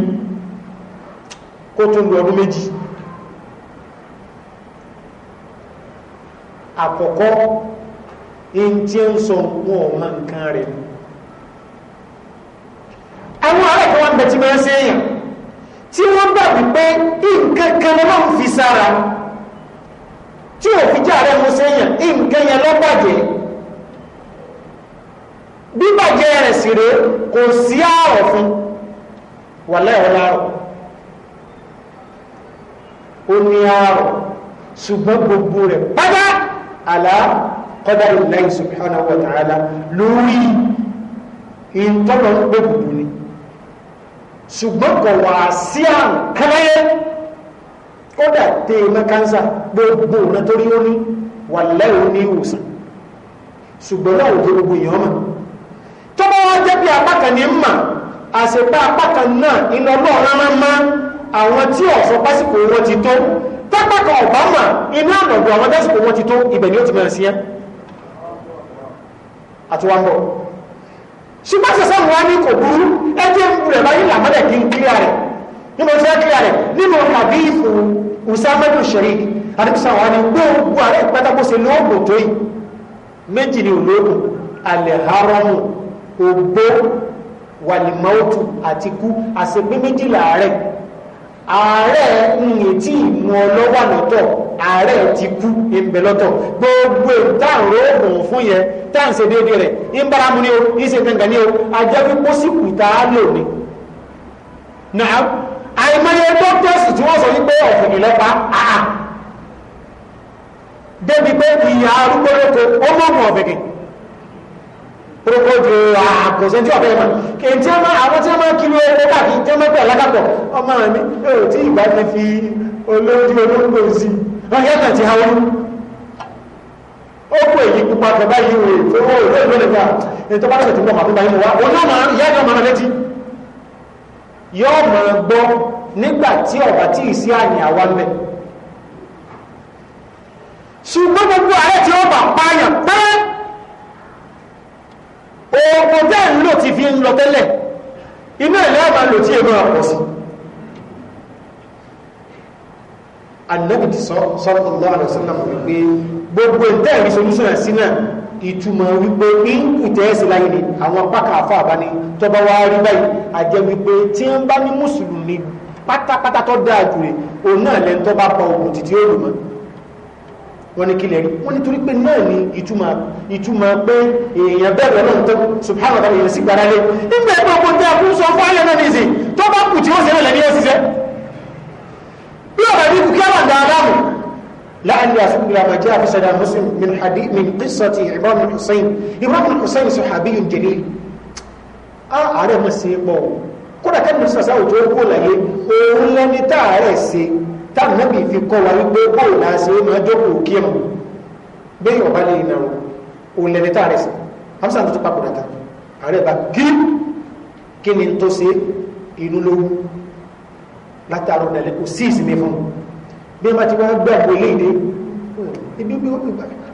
kó tún lu ọdún méjì àkọ́kọ́ tí ń sọ wọn nǹkan rẹ̀ ti tí wọ́n gbà wípé nǹkan kan ló máa ń fi sára tí ò fi jẹ́ ààrẹ mo sẹ́yìn nǹkan yẹn ló bàjẹ́ bíbàjẹ́ rẹ̀ sì rèé kò sí ààrọ̀ fún wà lẹ́wọ̀n ó ní ààrọ̀ ṣùgbọ́n gbogbo rẹ̀ pátá àlá qadarillahi subhanahu wa ta'ala lórí ìtọ́lọ́ gbogbo ṣùgbọ́n kò wá sí àrùn kẹ́rẹ́ kódà tẹ ẹ̀mẹ́ kánsà gbogbo ọ̀nà torí ó ní wà lẹ́wọ̀ ní ìwòsàn ṣùgbọ́n náà ò gbogbo èèyàn mọ̀ tó bá wá jẹ́ bí apákan ní mà àṣepá apákan náà iná lọ́ọ̀rán máa má àwọn tí ọ̀sọ́ pásìkò wọn ti tó tápákan ọ̀bá mà iná ànàgbọ̀ àwọn pásìkò wọn ti tó ibẹ̀ ni ó ti máa sí àti wá ń bọ̀ ṣùgbọ́n ṣẹ̀ṣẹ̀ mú wa ní kò burú ẹjẹ́ rẹ̀ báyìí làmọ́lẹ̀ kí n kílíà rẹ̀ ní mo fẹ́ kílíà rẹ̀ nínú kàbí ìfò òsàmẹ́dù ṣẹ̀rí àdìsá wa ni gbogbo ààrẹ pátákóṣe lóògùn tó yìí méjì ni olóògùn alẹ́ haramu ògbó wàlìmọ́tù àtikú àṣepé méjìlá rẹ̀ ààrẹ ìyè tí ìmú ọlọ́wà lọ́tọ̀ ààrẹ ti kú ìbẹ̀ lọ́tọ̀ gbogbo táàrọ̀ ògùn fún yẹn táà ń ṣe déédéé rẹ̀ ń bára mu ní o ń ṣe kankan ní o ajá fi kó sí kùtà lò ní. náà àìmọye dókítọ́sì tí wọ́n sọ wípé ọ̀fìn ìlọ́pa àà débi pé ìyá arúgbó lóko ó ọ̀fìn kì orúkọ ju àkọsẹ́ tí ọ̀fẹ́ mọ̀ kì í tí wọ́n àwọn tí ní owó káàkiri jẹ́ mọ́tò alákàtọ̀ ọmọ mi yóò tí ìgbà ti fi olójú olóńgbò sí wọn yàtọ̀ ti hawọn ó kó èyí pupa kẹba yìí wò tó wò ló ló lè gbà ètò bá lọ́sẹ̀ tí wọ́n máa fi báyìí wá òun náà máa ìyá náà máa létí yóò máa gbọ́ nígbà tí ọ̀bà tí ì sí àyìn àwa ń bẹ̀ ṣùgbọ́n gbogbo ààrẹ tí ó bà pààyàn pẹ́ẹ́ òògùn bẹ́ẹ̀ ń lò ti fi ń lọ tẹ́lẹ̀ iná ilẹ̀ àbá lò tí èmọ́ àpọ̀ sí annabi sallallahu alaihi wasallam wípé gbogbo ìtẹ́ẹ̀rí solúsọ̀nà sínà ìtumọ̀ wípé ìkù tẹ́ẹ̀sì láyé ni àwọn pákà àfáàbá ni tọba wá rí báyìí àjẹ́ wípé tí ń bá ní mùsùlùmí pátápátá tó wọ́n ní kílẹ̀ rí wọ́n nítorí pé náà ni ìtumọ̀ pé èèyàn bẹ̀rẹ̀ náà tó subhanahu wa ta'ala sí gbára lé nígbà ẹgbẹ́ ọkọ̀ tí a kú sọ fún ayọ̀ náà nìsí tó bá kù tí ó sì rẹ̀lẹ̀ ó ṣiṣẹ́ bí ọ̀rọ̀ ní kù kí á aláàmù láàrin àfikún ìlànà jẹ́ àfisàdà muslim min hadi min qissati táàmì fi kọ́ wa wípé bóò náà ṣe é máa jókòó kí ẹ̀mọ̀ bẹ́ẹ̀ ọ̀bá lè nà ó òun lẹ́ni tá a rẹ̀ sí hamsa tó ti papò dàtà ààrẹ bá kí kí ni tó ṣe inú ló látàrọ dalẹ̀ kò sí ìsinmi fún un bí wọ́n ti wá gbà bó lé ìdè ibi bí wọ́n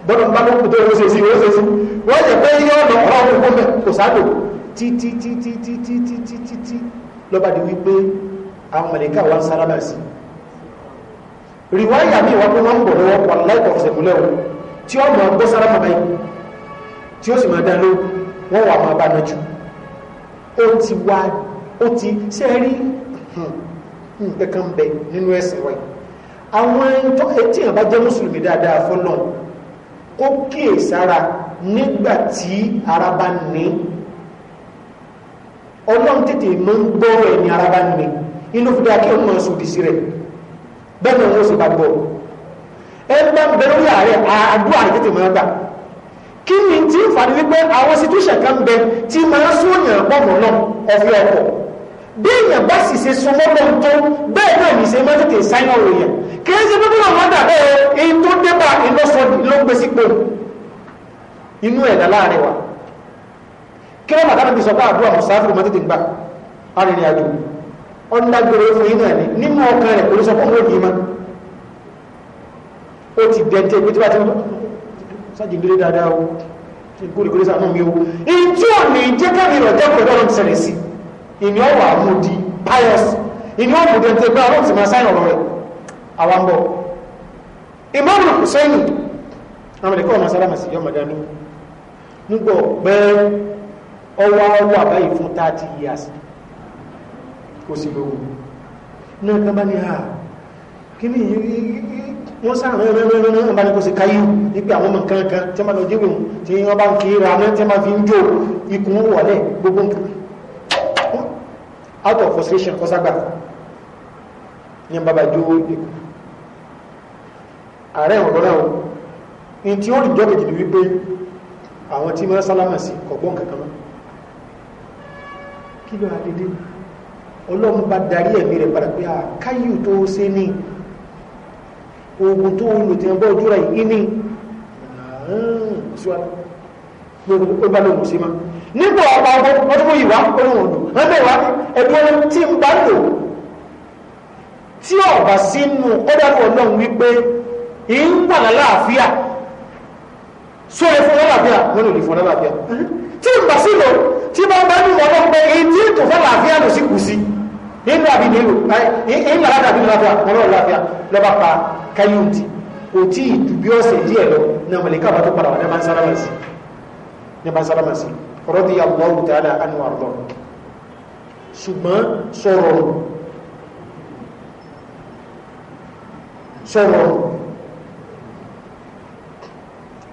gbọ́dọ̀ bá lóko tó ṣe sí wọ́n ṣe sí wọ́n yẹ pé yọ ọ̀nà ọ̀rọ̀ ọ̀hún kó mẹ́ kò sáàdò títítítítítítítítí lọ́ba di wípé àwọn mẹ̀lẹ́kà wa ń sára bá sí i. riwa mi wà pé wọ́n ń bọ̀ lọ́wọ́ wà láìpọ̀ o tí ó máa gbọ́ sára mọ̀mọ́ tí ma sì lo dán ló wà máa bá ti wá ó ti hmm, hmm, kan nínú wa àwọn ẹjọ́ etí yẹn bá jẹ́ mùsùlùmí dáadáa fọ́nà sara kíyè sára ara tètè ń gbọ́rọ̀ ẹ̀ bẹ́ẹ̀ ni wọ́n sì bá gbọ́ ẹ bá bẹ̀rẹ̀ wí ààrẹ àdúrà tètè máa gbà kí ni tí ń fàdí wípé àwọn situation kan bẹ tí máa sóyàn pọ̀ mọ́ náà ọ̀fẹ́ ọkọ̀ bí èèyàn bá sì ṣe súnmọ́ lọ tó bẹ́ẹ̀ náà ní ṣe máa tètè sáyọ̀ òyìn kí ẹ ṣe gbogbo àwọn dàbẹ́ èyí tó débà ìlọ́sọ ló gbé sípò inú ẹ̀dá láàrin wa kí lọ́màdá mi sọ pé àdúrà mùsáfìrì máa tètè gbà arìnrìn àjò ọ̀nàgbèrè fún yín náà ni nínú ọkàn rẹ̀ kò ní sọ fún òun òbí ma ó ti dẹ̀ntẹ́ pé tí wá ti ń sáàjì dúró dáadáa o tí kúrò kúrò sáà náà mi o èyí tí ò ní jẹ́ kẹ́mi rẹ̀ jẹ́ kúrò lọ́rùn sẹ̀rẹ̀ sí ìní ọ̀wà mú di pious ìní ọ̀mù dẹ̀ntẹ́ pé 30 years kò sí lówó náà kan bá ní à ah, kí ni wọ́n sáré rẹ́rẹ́rẹ́rẹ́ wọ́n bá ní kò sí káyé nígbà àwọn ọmọ nǹkan kan tí wọ́n bá lọ jíwèé tí wọ́n bá ń kí ra náà tí wọ́n fi ń jó ikùn wọlé gbogbo out of frustration kọ́ságbà ní bàbá jó ikùn ààrẹ ọ̀rọ̀ náà ní tí ó rí jọ́kejì ní wípé àwọn tí wọ́n sálámà sí kọ̀gbọ́n kankan kí ló adédé yìí ọlọ́run bá darí ẹ̀mí rẹ̀ padà pé àkáyù ah, tó ṣe ní ogun tó ń lò tí wọ́n bọ́ ojú rẹ̀ yìí ní ó bá lóhùn sí ma nígbà ọ̀pá ọgbọ́n ọdún mú ìwà olóhùn ọdún wọ́n bẹ̀ wá ẹ̀dùn ọdún tí ń bá lò tí ọ̀bà sínú ọdún ọlọ́run wípé ń wà lálàáfíà sóye fún lálàáfíà wọ́n lò lè fún lálàáfíà tí ń sínú tí bá bá ní ọ̀nà pé etí ètò fẹ́ làáfíà lò sí kù sí nínú àbí nílò ìlà àdàbí lọ́fíà ọ̀rọ̀ lọ́fíà lọ́ba pa káyọ̀ǹtì kò tí ì dù bí ọ̀sẹ̀ díẹ̀ lọ ní ọmọlẹ́ká bá tó padà wà ní bá ń sára mọ̀ sí ọ̀rọ̀ tí yà wọ́n wùtà àdà ànú àrùbọ̀ ṣùgbọ́n sọ̀rọ̀ sọ̀rọ̀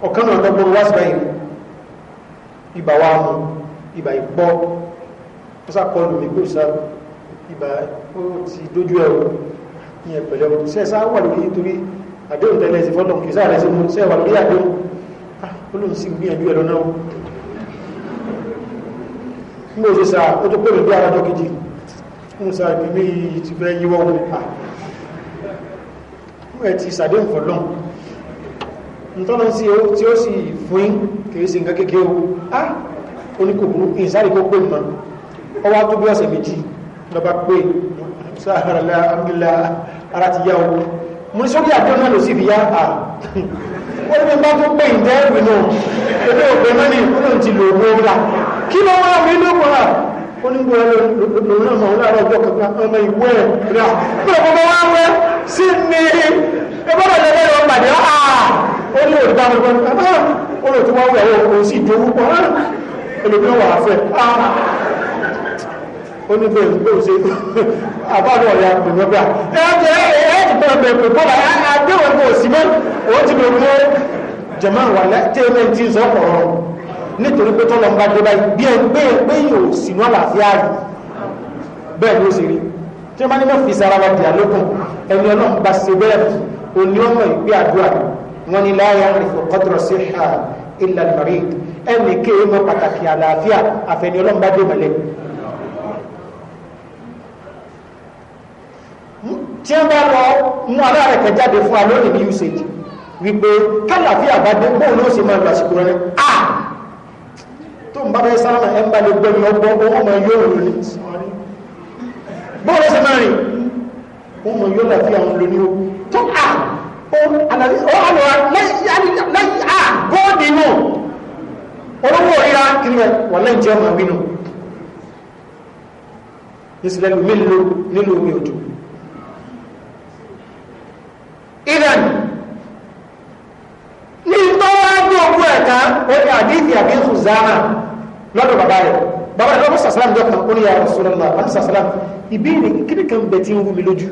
ọ̀kan náà lọ́gbọ̀n wá sí báyìí ìbàwá mú ibà ìpọ́ ó sàkọlù mi pé ìsá ibà ó ti dójú ẹ̀rọ ní ẹ̀pẹ̀lẹ̀ ọ̀rọ̀ sí ẹ̀sá wà lórí nítorí àdéhùn tẹ́lẹ̀ sí fọ́tọ̀ kì sáà rẹ̀ sí mú sí ẹ̀wà lórí àdéhùn olóhùn ah, sí gbìyànjú ẹ̀rọ náà mo ṣe sà ó tó pèrè bí arájọ kejì mo sà ìgbìmí ti fẹ́ yíwọ́ wọn pa ẹ̀ ti sàdéhùn fọ́lọ́n ntọ́nà tí ó sì fún kìí sí nǹkan kékeré o ah oníkòkòrò ìsáré kó pè mọ́ ọ wá tó bí ọ̀sẹ̀ méjì lọ́ba pé sáàrànlá amílá ara ti yá owó mo ní sórí àjọ náà ló sì fi yá à ó ní bá tó pè ìdẹ́ ìwé náà èmi ò pè mọ́ ni ó lòun ti lò owó ńlá kí ló wá mi lóko rà ó ní gbọ́dọ̀ lòun náà mọ̀ ọ́n láàárọ̀ ọjọ́ kankan ọmọ ìwé ẹ̀ rà pé ọmọ wa wẹ́ sí ni ẹgbọ́dọ̀ lẹ́gbẹ́ lọ pàdé ó ní òdìbá mi gbọ́dọ̀ ó lò tó wá wẹ̀ ó ẹlòmíràn wà á fẹ́ ah! ó ní bẹ́ẹ̀ bẹ́ẹ̀ ṣe àbádọ́ ọ̀yà ìgbìmọ̀gbà ẹ̀ẹ́dẹ̀ ẹ̀ẹ́dẹ̀ bẹ́ẹ̀ bẹ́ẹ̀ pé bọ́lá àdéhùn kò sí mọ́ òun ti bẹ̀rù pé jẹ̀mọ́ wà lẹ́tẹ̀ẹ́mẹ́ ti sọ ọ̀rọ̀ nítorí pé tọ́lọ́ ń bá dé báyìí bí ẹ gbé pé yóò sì ní àlàáfíà rẹ̀ bẹ́ẹ̀ ló ẹnì kéé mọ pàtàkì àlàáfíà àfẹni ọlọ́mọba dé mọ̀lẹ́. tí wọ́n bá lọ mú aláàrẹ̀ kan jáde fún wa lónìí ní usage wípé kálàáfíà bá dé bóun ló ṣe máa lọ àsìkò rẹ a tó ń bá bẹ́ẹ̀ sáwọn ẹ̀ ń bá lè gbẹ̀mí ọgbọ́n owó máa yóò rò ní bóun ló ṣe máa rìn wọ́n mọ̀ yóò láti àwọn olóní o tó à ó àlàyé ó àlọ́ láyé àgbọ́ọ̀dì náà olówó ríra ilẹ̀ wọ́n lẹ́yìn tí ọmọ wínú ìsìlẹ̀lù mílò nílò omi òjò ìrìn ní tọ́wọ́ ní ogún ẹ̀ka ó ní àdífì àbí ìfùzára lọ́dọ̀ bàbá rẹ̀ bàbá rẹ̀ lọ́dọ̀ sàsàlám jọ kan ó ní yàrá sọ́dọ̀ náà bá sàsàlám ìbéèrè kíni kan bẹ̀ tí ń wú mi lójú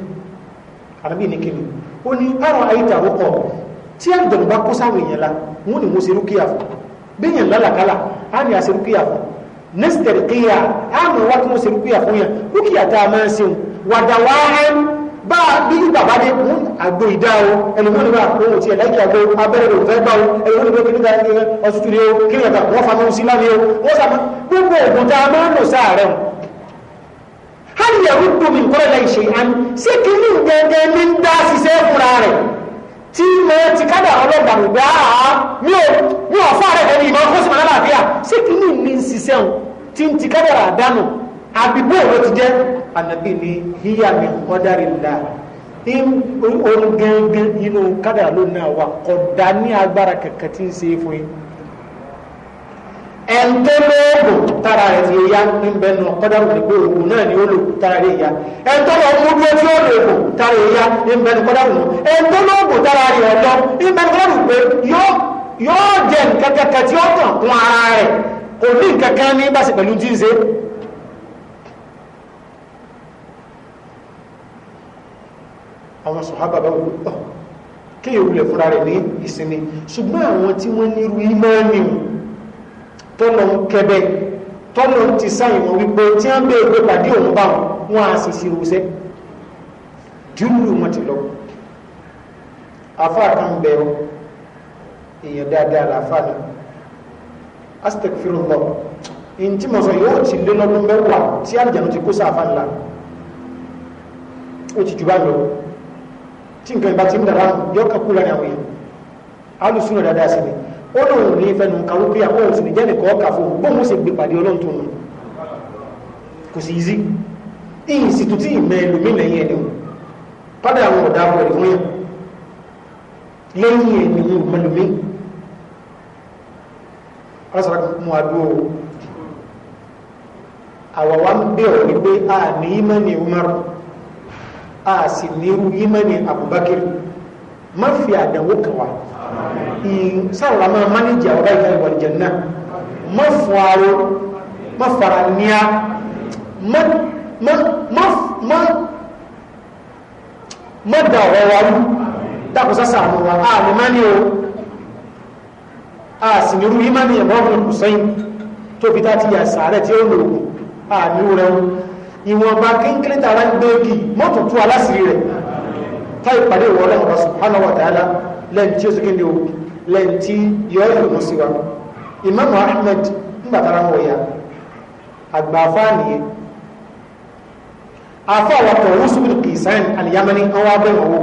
àbí ní kíni ó ní àrùn àyíta àwòkọ tí àgbẹ̀rù bá kó sáwọn èèyàn la wọn ni mo ṣe rúkìá fún un bẹ́yàn lálàkálà á ní àṣẹ rúkìyà fún nẹ́sítẹ̀ rúkìyà á mọ̀ wá tí wọ́n ṣe rúkìyà fún yẹn rúkìyà tá a máa ń ṣeun wàdà wá ẹn bá bí bàbá dé mú àgbo ìdá o ẹni wọn nígbà ohun tí ẹ̀dá ìkí àgbo abẹ́rẹ́ rẹ̀ fẹ́ gbá o ẹni wọn nígbà kíníkà ọ̀tútù ni o kíníkà kan wọ́n fanu sí lámì o wọ́n sàmú gbogbo ògùn tá a máa ń lò sáà o. hali yahoo domin kọ́lá ìṣe àmì ṣé kí ní gbẹ̀ngẹ̀ ní dá ṣiṣẹ́ fúnra rẹ̀ tí mo ti kádà ọlọ́gbà rò gbé àá mi ò mi ò fún ààrẹ ẹni ìmọ̀ fún sìmọ̀lá àbíyà ṣé kí ní ní ń ṣiṣẹ́ o tí ń ti kádà rà dánù àbíbó ló ti jẹ́ ànàbí ni híyà mi ọ̀dàrí ńlá ohun gẹ́gẹ́ inú kádà ló náà wà ọ̀dà ní agbára kẹ̀kẹ́ tí ń ṣe é fún yín ẹn tó lóògùn tára rẹ̀ ti yá ní bẹnu kọ́dọ̀rù ní pé òògùn náà ni ó lò tára rẹ̀ yá ẹn tó lọ mú dúró tí ó lòògùn tára rẹ̀ yá ní bẹnu kọ́dọ̀rù nù ẹn tó lóògùn tára rẹ̀ ọ̀dọ́ ní bẹnu kọ́dọ̀rù pé yóò jẹ nǹkan tí ó tàn kún ara rẹ̀ kò ní nǹkan ní bá pẹ̀lú jíǹse àwọn sọ̀hábà bá wù ọ́ kéèyàn wulẹ̀ fúnra rẹ̀ ní ìsinmi ṣùgbọ́n àwọn tí wọ́n nírú ìmọ̀ ẹni tọ́nà ń kẹbẹ́ tọ́nà ń ti sáyìn wọn wípé tí wọ́n bèèrè pé pàdé òun bá wọn á sì ṣirò sẹ́ dúró wọn ti lọ àfáà kan bẹ̀rù èèyàn dáadáa làáfáà náà astagfirullah in tí mo sọ yóò ti lé lọ́dún mẹ́wàá tí àjànú ti kó sáfà ńlá ó ti jù bá lọ tí nǹkan ìbá ti ń dàrá yọ kàkúrà ní àwọn èèyàn alùsùn náà dáadáa sí ni ó lóun ní fẹnu kàrúkúyà òun sì ní jẹ́ nìkan ọkà fún bóun sì gbé pàdé ọlọ́run tó nù kò sì yí ìyìn sì tún tí ìmọ̀ ẹlòmí lẹ́yìn ẹni padà àwọn ọ̀dà àwọn ẹ̀rí fún yẹn lẹ́yìn ẹni wọn mẹlòmí ọlọ́sàrà mú adúró àwàwá ń bẹ̀ ọ́ wípé a ní ìmọ̀ni Umar a sì ní irú ìmọ̀ni Abubakar má fi àdánwò kàn sáwọn àmà mánéjì àwọn báyìí kan wọ̀n jẹ̀nà mọ́ fún aró mọ́ fara níà mọ́ da ọ̀rọ̀ wa rú dákùn sásà àwọn wa a ní máné o a sì ní rú ìmáni ẹ̀mọ́ ọ̀rọ̀ kùsẹ́yìn tó fi tá ti yà sàárẹ̀ tí ó lò a ní rẹ̀ ìwọ̀nba kínkín tààrà ń gbé igi mọ́tò tú táì pàdé ìwọ̀ ọlọ́run wa ta'ala lẹ́yìn tí ó sì kéde o lẹ́yìn tí yọ ọ́ lòmọ́ sí wa Imam Ahmed nígbà tára wọ̀ ya àgbà afáàní yẹn afọ àwọn ọkọ̀ wọn sùn kì í sáyẹn àlìyámẹ́ni àwọn abẹ́wọ̀n wo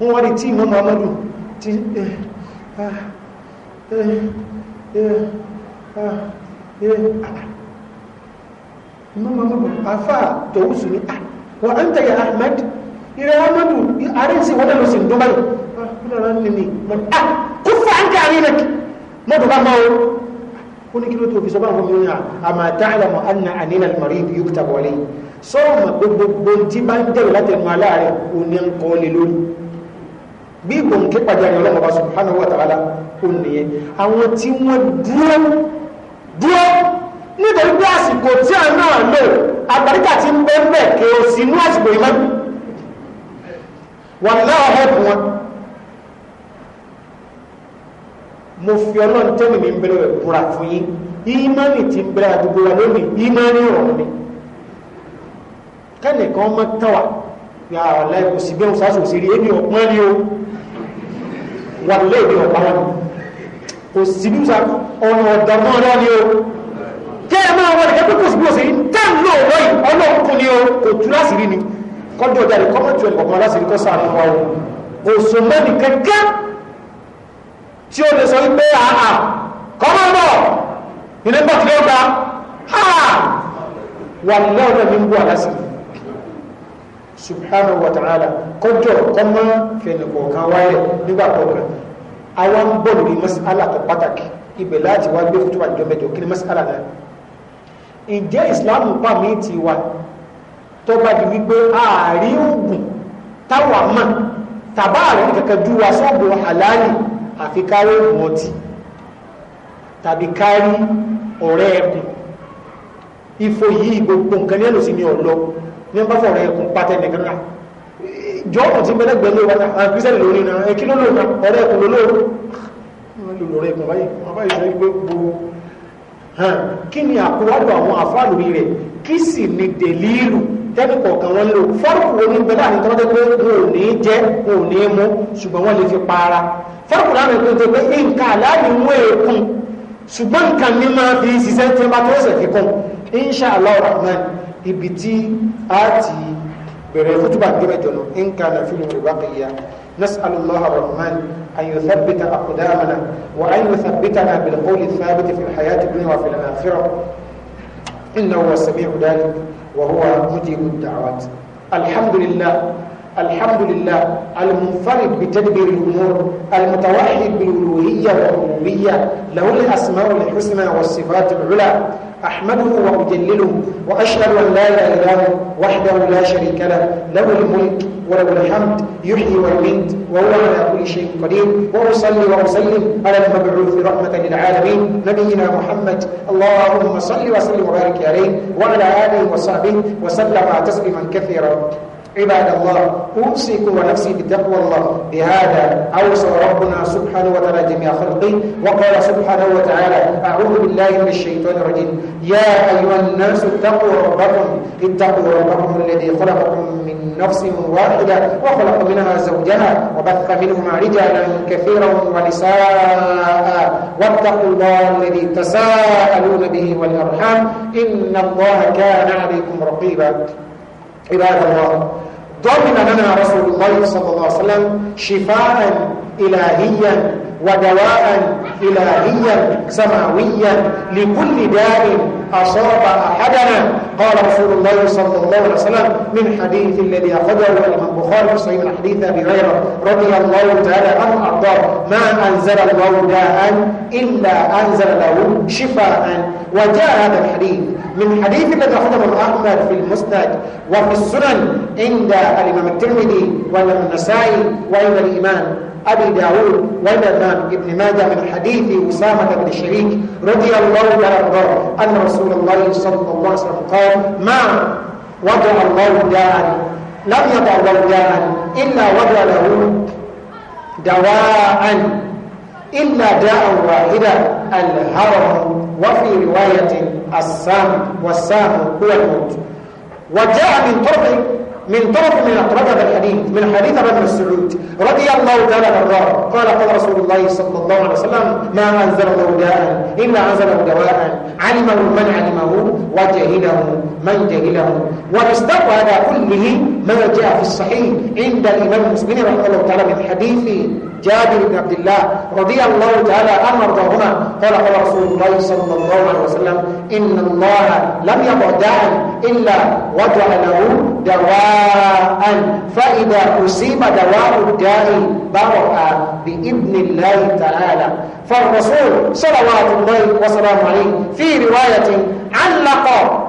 wọn wá di tí Imam Ahmedu ti ẹ ẹ ẹ ẹ Imam Ahmedu afa tòwúsù ni wà á ń tẹ̀yẹ ìrẹ̀ wọn lóbù àárín sí wọ́n lọ sí ìdó báyìí ọ̀rọ̀ ní mi mọ̀ ah, á kó fà ń ká àárín rẹ̀ mọ́tò bá máa ó ní kí ló tó fi sọ bá wọn láwọn hẹ́pù wọn mo fi ọlọ́run tẹ́lẹ̀ mi ń bẹ̀rẹ̀ rẹ̀ búra fún yín ìmánì ti bẹ̀rẹ̀ àdúgbò wa lónìí ìmánì ọ̀rọ̀ ni kẹ́nìkan mọ́ tẹ́wà ya ọ̀la ẹ̀kọ́ sí bẹ́ẹ̀ sásù sí rí ẹni ọ̀pọ̀ ni o wà lẹ́ẹ̀dẹ̀ ọ̀pá wọn kò sí bí ọ̀nà ọ̀dà mọ́ ọ̀rọ̀ ni o kẹ́ ẹ máa sí bí ó sì tẹ́ kọ́dọ̀ ọ̀dàrí kọ́mọ̀tì ọ̀kọ̀kan láti rí kọ́sà àánú wa o òṣùmọ́nì kẹ́kẹ́ tí ó lè sọ wípé àà kọ́mọ̀bọ̀ ilé tí ó gba ha wà lọ́ọ̀dọ̀ ní bú àlásì subhanahu wa ta'ala kọ́dọ̀ kọ́mọ̀ fẹ̀lẹ̀ kọ̀ọ̀kan wáyẹ̀ nígbà kọ̀ọ̀kan àwọn ń bọ̀ lórí mas'ala tó pàtàkì ibẹ̀ láti wá gbé fútúbà jọ mẹ́jọ kí ni tó bá di wípé ààrí oògùn táwà mọ̀ tàbá àrí kankan ju wa sóògùn àlàálì àfi kárí oògùn ọtí tàbí kárí ọ̀rẹ́ ẹkùn ifo yìí gbogbo nǹkan ní ẹlòsí ní ọ̀lọ́ ní ọba fọ̀rọ̀ ẹkùn pátẹ́ nìkan náà jọ́ọ̀nù tí mẹ́lẹ́gbẹ̀ẹ́ lé wa náà kírísẹ́lì lórí náà ẹkí ló lòrùn ọ̀rẹ́ ẹkùn ló lòrùn lòrùn ẹkùn báyìí wọn báyìí sọ gbogbo kí ni àkúrádùn àwọn àfáà rẹ̀ kí sì ni dèlíìlù tẹ́lẹ̀ kọ̀ọ̀kan wọn lò fọ́rùkù wo ní bẹ́ẹ̀ láàrin tọ́lọ́dẹ́ pé wọn ò ní jẹ́ wọn ò ní mú ṣùgbọ́n wọ́n lè fi pa ara fọ́rùkù láàrin tó tẹ́ pé nǹkan aláàbí mú èèkùn ṣùgbọ́n nǹkan ní máa fi ṣiṣẹ́ tí wọ́n bá tó ṣẹ̀ fi kún insha allah rahman ibi tí a ti bẹ̀rẹ̀ fútúbà gbẹ̀rẹ̀ jọ̀nà nǹkan náà fi lè wà kìíyà نسأل الله الرحمن أن يثبت أقدامنا وأن يثبتنا بالقول الثابت في الحياة الدنيا وفي الآخرة إنه هو السميع ذلك وهو مجيب الدعوات الحمد لله الحمد لله المنفرد بتدبير الأمور المتوحد بالألوهية والربوبية له الأسماء الحسنى والصفات العلى أحمده وأجلله وأشهد أن لا إله إلا هو وحده لا شريك له له الملك وله الحمد يحيي ويميت وهو على كل شيء قدير وأصلي وأسلم على المبعوث رحمة للعالمين نبينا محمد اللهم صل وسلم وبارك عليه وعلى آله وصحبه وسلم تسليما كثيرا عباد الله أوصيكم ونفسي بتقوى الله بهذا أوصى ربنا سبحانه وتعالى جميع خلقه وقال سبحانه وتعالى أعوذ بالله من الشيطان الرجيم يا أيها الناس اتقوا ربكم اتقوا ربكم الذي خلقكم من نفس واحدة وخلق منها زوجها وبث منهما رجالا كثيرا ونساء واتقوا الله الذي تساءلون به والأرحام إن الله كان عليكم رقيبا عباد الله ضمن لنا رسول الله صلى الله عليه وسلم شفاء إلهيا ودواء إلهيا سماويا لكل داء أصاب أحدنا قال رسول الله صلى الله عليه وسلم من حديث الذي أخذه الإمام البخاري في صحيح الحديث أبي هريرة رضي الله تعالى عنه أرضاه ما أنزل الله داء إلا أنزل له شفاء وجاء هذا الحديث من حديث الذي أخذه أحمد في المسند وفي السنن عند الإمام الترمذي والنسائي النسائي وعند الإمام أبي داود والإمام ابن ماجه من حديث أسامة بن شريك رضي الله عنه أن رسول الله صلى الله عليه وسلم قال ما وضع الله داء لم يضع الله داء إلا وضع له دواء إلا داء واحدا الهرم وفي رواية السام والسام هو الموت وجاء من طرق من طرف من أخرج هذا الحديث من حديث ابن مسعود رضي الله تعالى عنه قال قال رسول الله صلى الله عليه وسلم ما أنزل الله داء إلا أنزله دواء علمه من علمه وجهله من جهله ومصدق هذا كله ما جاء في الصحيح عند الإمام المسلمين رحمه الله تعالى من حديث جابر بن عبد الله رضي الله تعالى عنه وارضاهما قال قال رسول الله صلى الله عليه وسلم إن الله لم يضع داء إلا وجعله دواء داء فإذا أصيب دواء الداء برأ بإذن الله تعالى فالرسول صلوات الله وسلامه عليه في رواية علق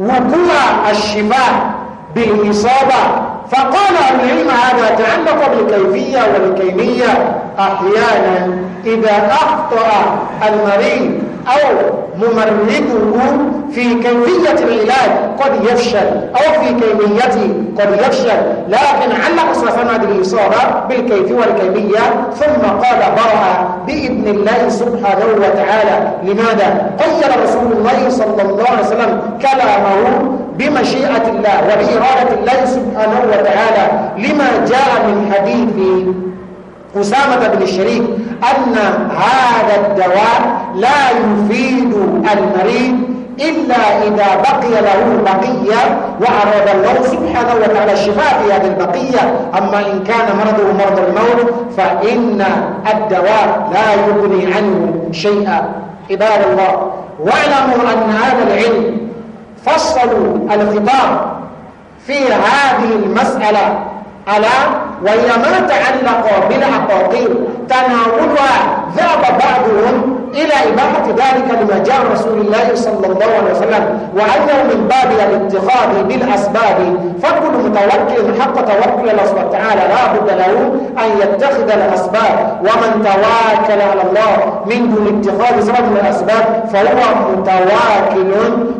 وقوع الشفاء بالإصابة فقال العلم هذا تعلق بالكيفية والكيمية أحيانا إذا أخطأ المريض أو ممرضه في كيفية العلاج قد يفشل أو في كيميته قد يفشل لكن علق صفنا بالإصابة بالكيف والكيمية ثم قال برأ بإذن الله سبحانه وتعالى لماذا؟ قيل رسول الله صلى الله عليه وسلم كلامه بمشيئة الله وبإرادة الله سبحانه وتعالى لما جاء من حديث أسامة بن الشريك أن هذا الدواء لا يفيد المريض إلا إذا بقي له بقية وأراد الله سبحانه وتعالى الشفاء في هذه البقية أما إن كان مرضه مرض الموت فإن الدواء لا يغني عنه شيئا عباد الله واعلموا أن هذا العلم فصلوا الخطاب في هذه المسألة ألا وهي ما تعلق بالعقاقير تناولها ذهب بعضهم إلى إباحة ذلك لما جاء رسول الله صلى الله عليه وسلم وأنه من باب الاتخاذ بالأسباب فكل متوكل حق توكل الله سبحانه وتعالى لا بد له أن يتخذ الأسباب ومن تواكل على الله من دون اتخاذ سبب من الأسباب فهو متواكل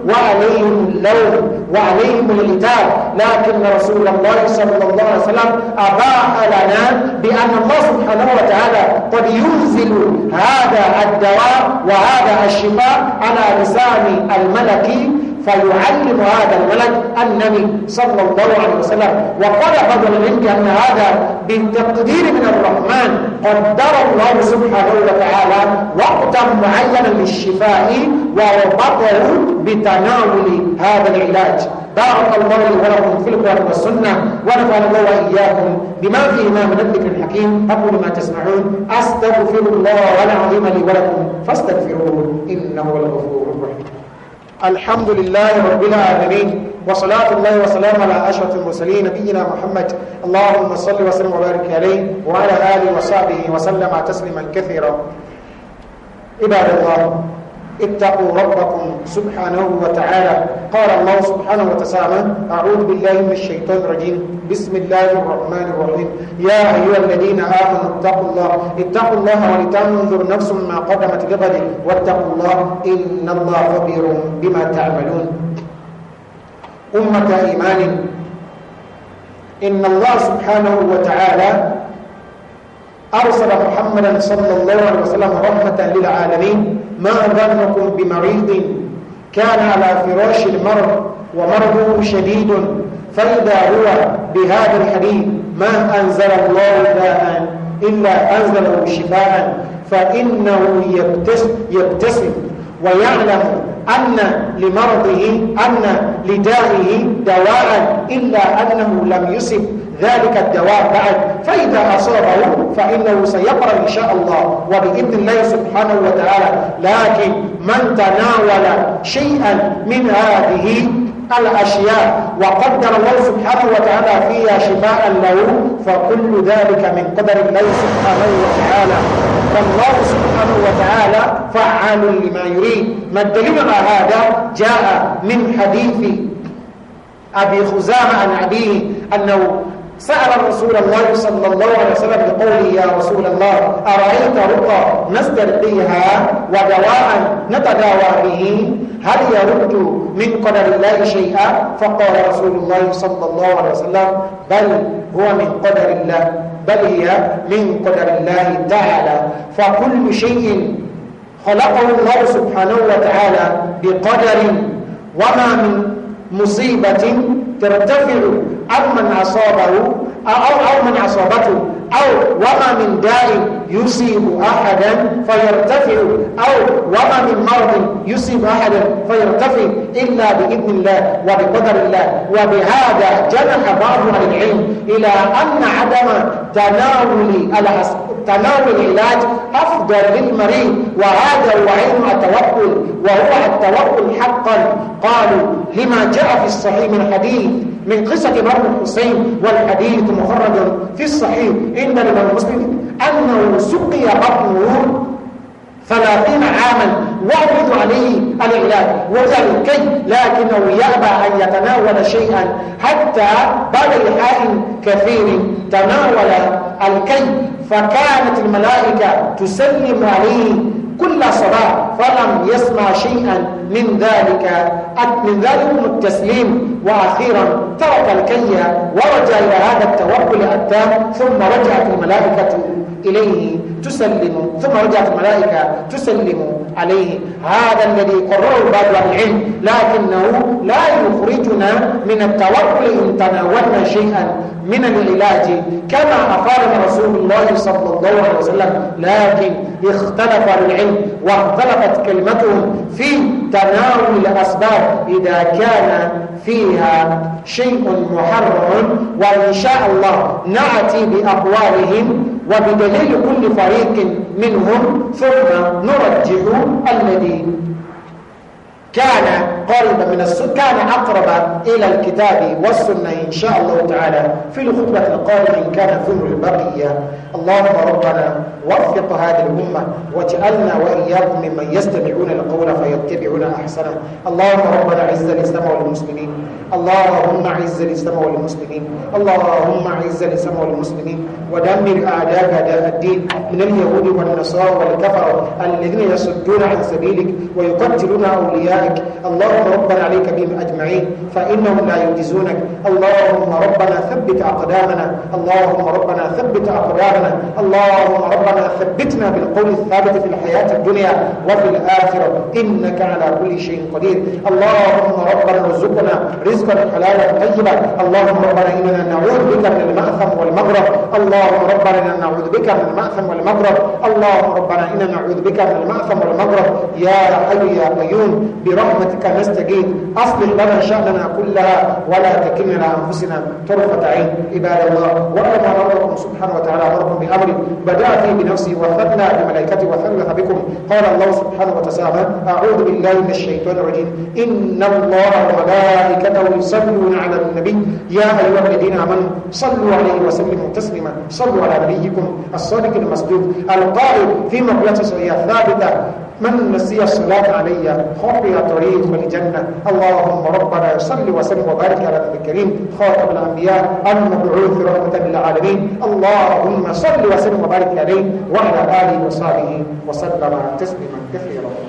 وعليهم اللوم وعليهم الإتاب لكن رسول الله صلى الله عليه وسلم أباح لنا بأن الله سبحانه وتعالى قد ينزل هذا الدواء وهذا الشفاء على لسان الملكي فيعلم هذا الولد النبي صلى الله عليه وسلم وقال بعض العلم أن هذا بالتقدير من الرحمن قدر الله سبحانه وتعالى وقتا معينا للشفاء وربطه بتناول هذا العلاج بارك الله لي ولكم في القرآن والسنة ونفعل الله وإياكم بما فيهما من الذكر الحكيم أقول ما تسمعون أستغفر الله العظيم لي ولكم فاستغفروه إنه الغفور الرحيم الحمد لله رب العالمين وصلاة الله وسلام على أشرف المرسلين نبينا محمد اللهم صل وسلم وبارك عليه وعلى آله وصحبه وسلم تسليما كثيرا عباد الله اتقوا ربكم سبحانه وتعالى قال الله سبحانه وتعالى أعوذ بالله من الشيطان الرجيم بسم الله الرحمن الرحيم يا أيها الذين آمنوا اتقوا الله اتقوا الله ولتنظر نفس ما قدمت لغد واتقوا الله إن الله خبير بما تعملون أمة إيمان إن الله سبحانه وتعالى أرسل محمدا صلى الله عليه وسلم رحمة للعالمين ما ظنكم بمريض كان على فراش المرض ومرضه شديد فإذا هو بهذا الحديث ما أنزل الله داء إلا أنزله شفاء فإنه يبتسم ويعلم أن لمرضه أن لدائه دواء إلا أنه لم يصب ذلك الدواء بعد فإذا أصابه فإنه سيقرأ إن شاء الله وبإذن الله سبحانه وتعالى لكن من تناول شيئا من هذه الأشياء وقدر الله سبحانه وتعالى فيها شفاء له فكل ذلك من قدر الله سبحانه وتعالى فالله سبحانه وتعالى فعال لما يريد ما الدليل على هذا جاء من حديث أبي خزامة عن أبيه أنه سأل رسول الله صلى الله عليه وسلم بقوله يا رسول الله أرأيت رقى نسترقيها ودواء نتداوى به هل يرد من قدر الله شيئا فقال رسول الله صلى الله عليه وسلم بل هو من قدر الله بل هي من قدر الله تعالى فكل شيء خلقه الله سبحانه وتعالى بقدر وما من مصيبة ترتفع أو من أصابه أو أو من أصابته أو وما من داء يصيب أحدا فيرتفع أو وما من مرض يصيب أحدا فيرتفع إلا بإذن الله وبقدر الله وبهذا جنح بعض العلم إلى أن عدم تناول تناول العلاج أفضل للمريض وهذا هو علم التوكل وهو التوكل حقا قالوا لما جاء في الصحيح من حديث من قصة مرض الحسين والحديث مخرج في الصحيح عند الإمام مسلم أنه سقي بطنه ثلاثين عاما وأفرض عليه الإعلان وجعل كي لكنه يأبى أن يتناول شيئا حتى بعد لحاء كثير تناول الكي فكانت الملائكة تسلم عليه كل صباح فلم يسمع شيئا من ذلك من ذلك التسليم وأخيرا ترك الكي ورجع إلى هذا التوكل التام ثم رجعت الملائكة إليه تسلم ثم رجعت الملائكة تسلم عليه هذا الذي قرره بعض أهل العلم لكنه لا يخرجنا من التوكل إن تناولنا شيئا من العلاج كما أفاد رسول الله صلى الله عليه وسلم لكن اختلف العلم واختلفت كلمتهم في تناول الأسباب إذا كان فيها شيء محرم وإن شاء الله نأتي بأقوالهم وبدليل كل فريق منهم ثم نرجح الذي كان قريبا من السكان أقرب إلى الكتاب والسنة إن شاء الله تعالى في الخطبة القادمة إن كان ذمر البقية اللهم ربنا وفق هذه الأمة واجعلنا وإياكم ممن يستمعون القول فيتبعون أحسنه اللهم ربنا عز الإسلام والمسلمين اللهم عز الإسلام والمسلمين اللهم عز الإسلام والمسلمين ودمر أعداء أعداء الدين من اليهود والنصارى والكفر الذين يصدون عن سبيلك ويقتلون أوليائك اللهم اللهم ربنا عليك بهم أجمعين فإنهم لا يجزونك اللهم ربنا ثبت أقدامنا اللهم ربنا ثبت أقدامنا اللهم ربنا ثبتنا بالقول الثابت في الحياة الدنيا وفي الآخرة إنك على كل شيء قدير اللهم ربنا ارزقنا رزقا حلالا طيبا اللهم ربنا إننا نعوذ بك من المأثم والمغرب اللهم ربنا إننا نعوذ بك من المأثم والمغرب اللهم ربنا إننا نعوذ بك من المأثم والمغرب يا حي يا قيوم برحمتك نستجيد أصلح لنا شأننا كلها ولا تكلنا لأنفسنا طرفة عين عباد الله وأنا ربكم سبحانه وتعالى أمركم بأمر بدأ فيه بنفسي وثنى بملائكته وثلث بكم قال الله سبحانه وتعالى أعوذ بالله من الشيطان الرجيم إن الله وملائكته يصلون على النبي يا أيها الذين آمنوا صلوا عليه وسلموا تسليما صلوا على نبيكم الصادق المصدوق القائل في مقلته هي ثابتة من نسي الصلاة علي خطي طريق الجنة اللهم ربنا صل وسلم وبارك على النبي الكريم خاتم الأنبياء المبعوث رحمة للعالمين اللهم صل وسلم وبارك عليه وعلى آله وصحبه وسلم تسليما كثيرا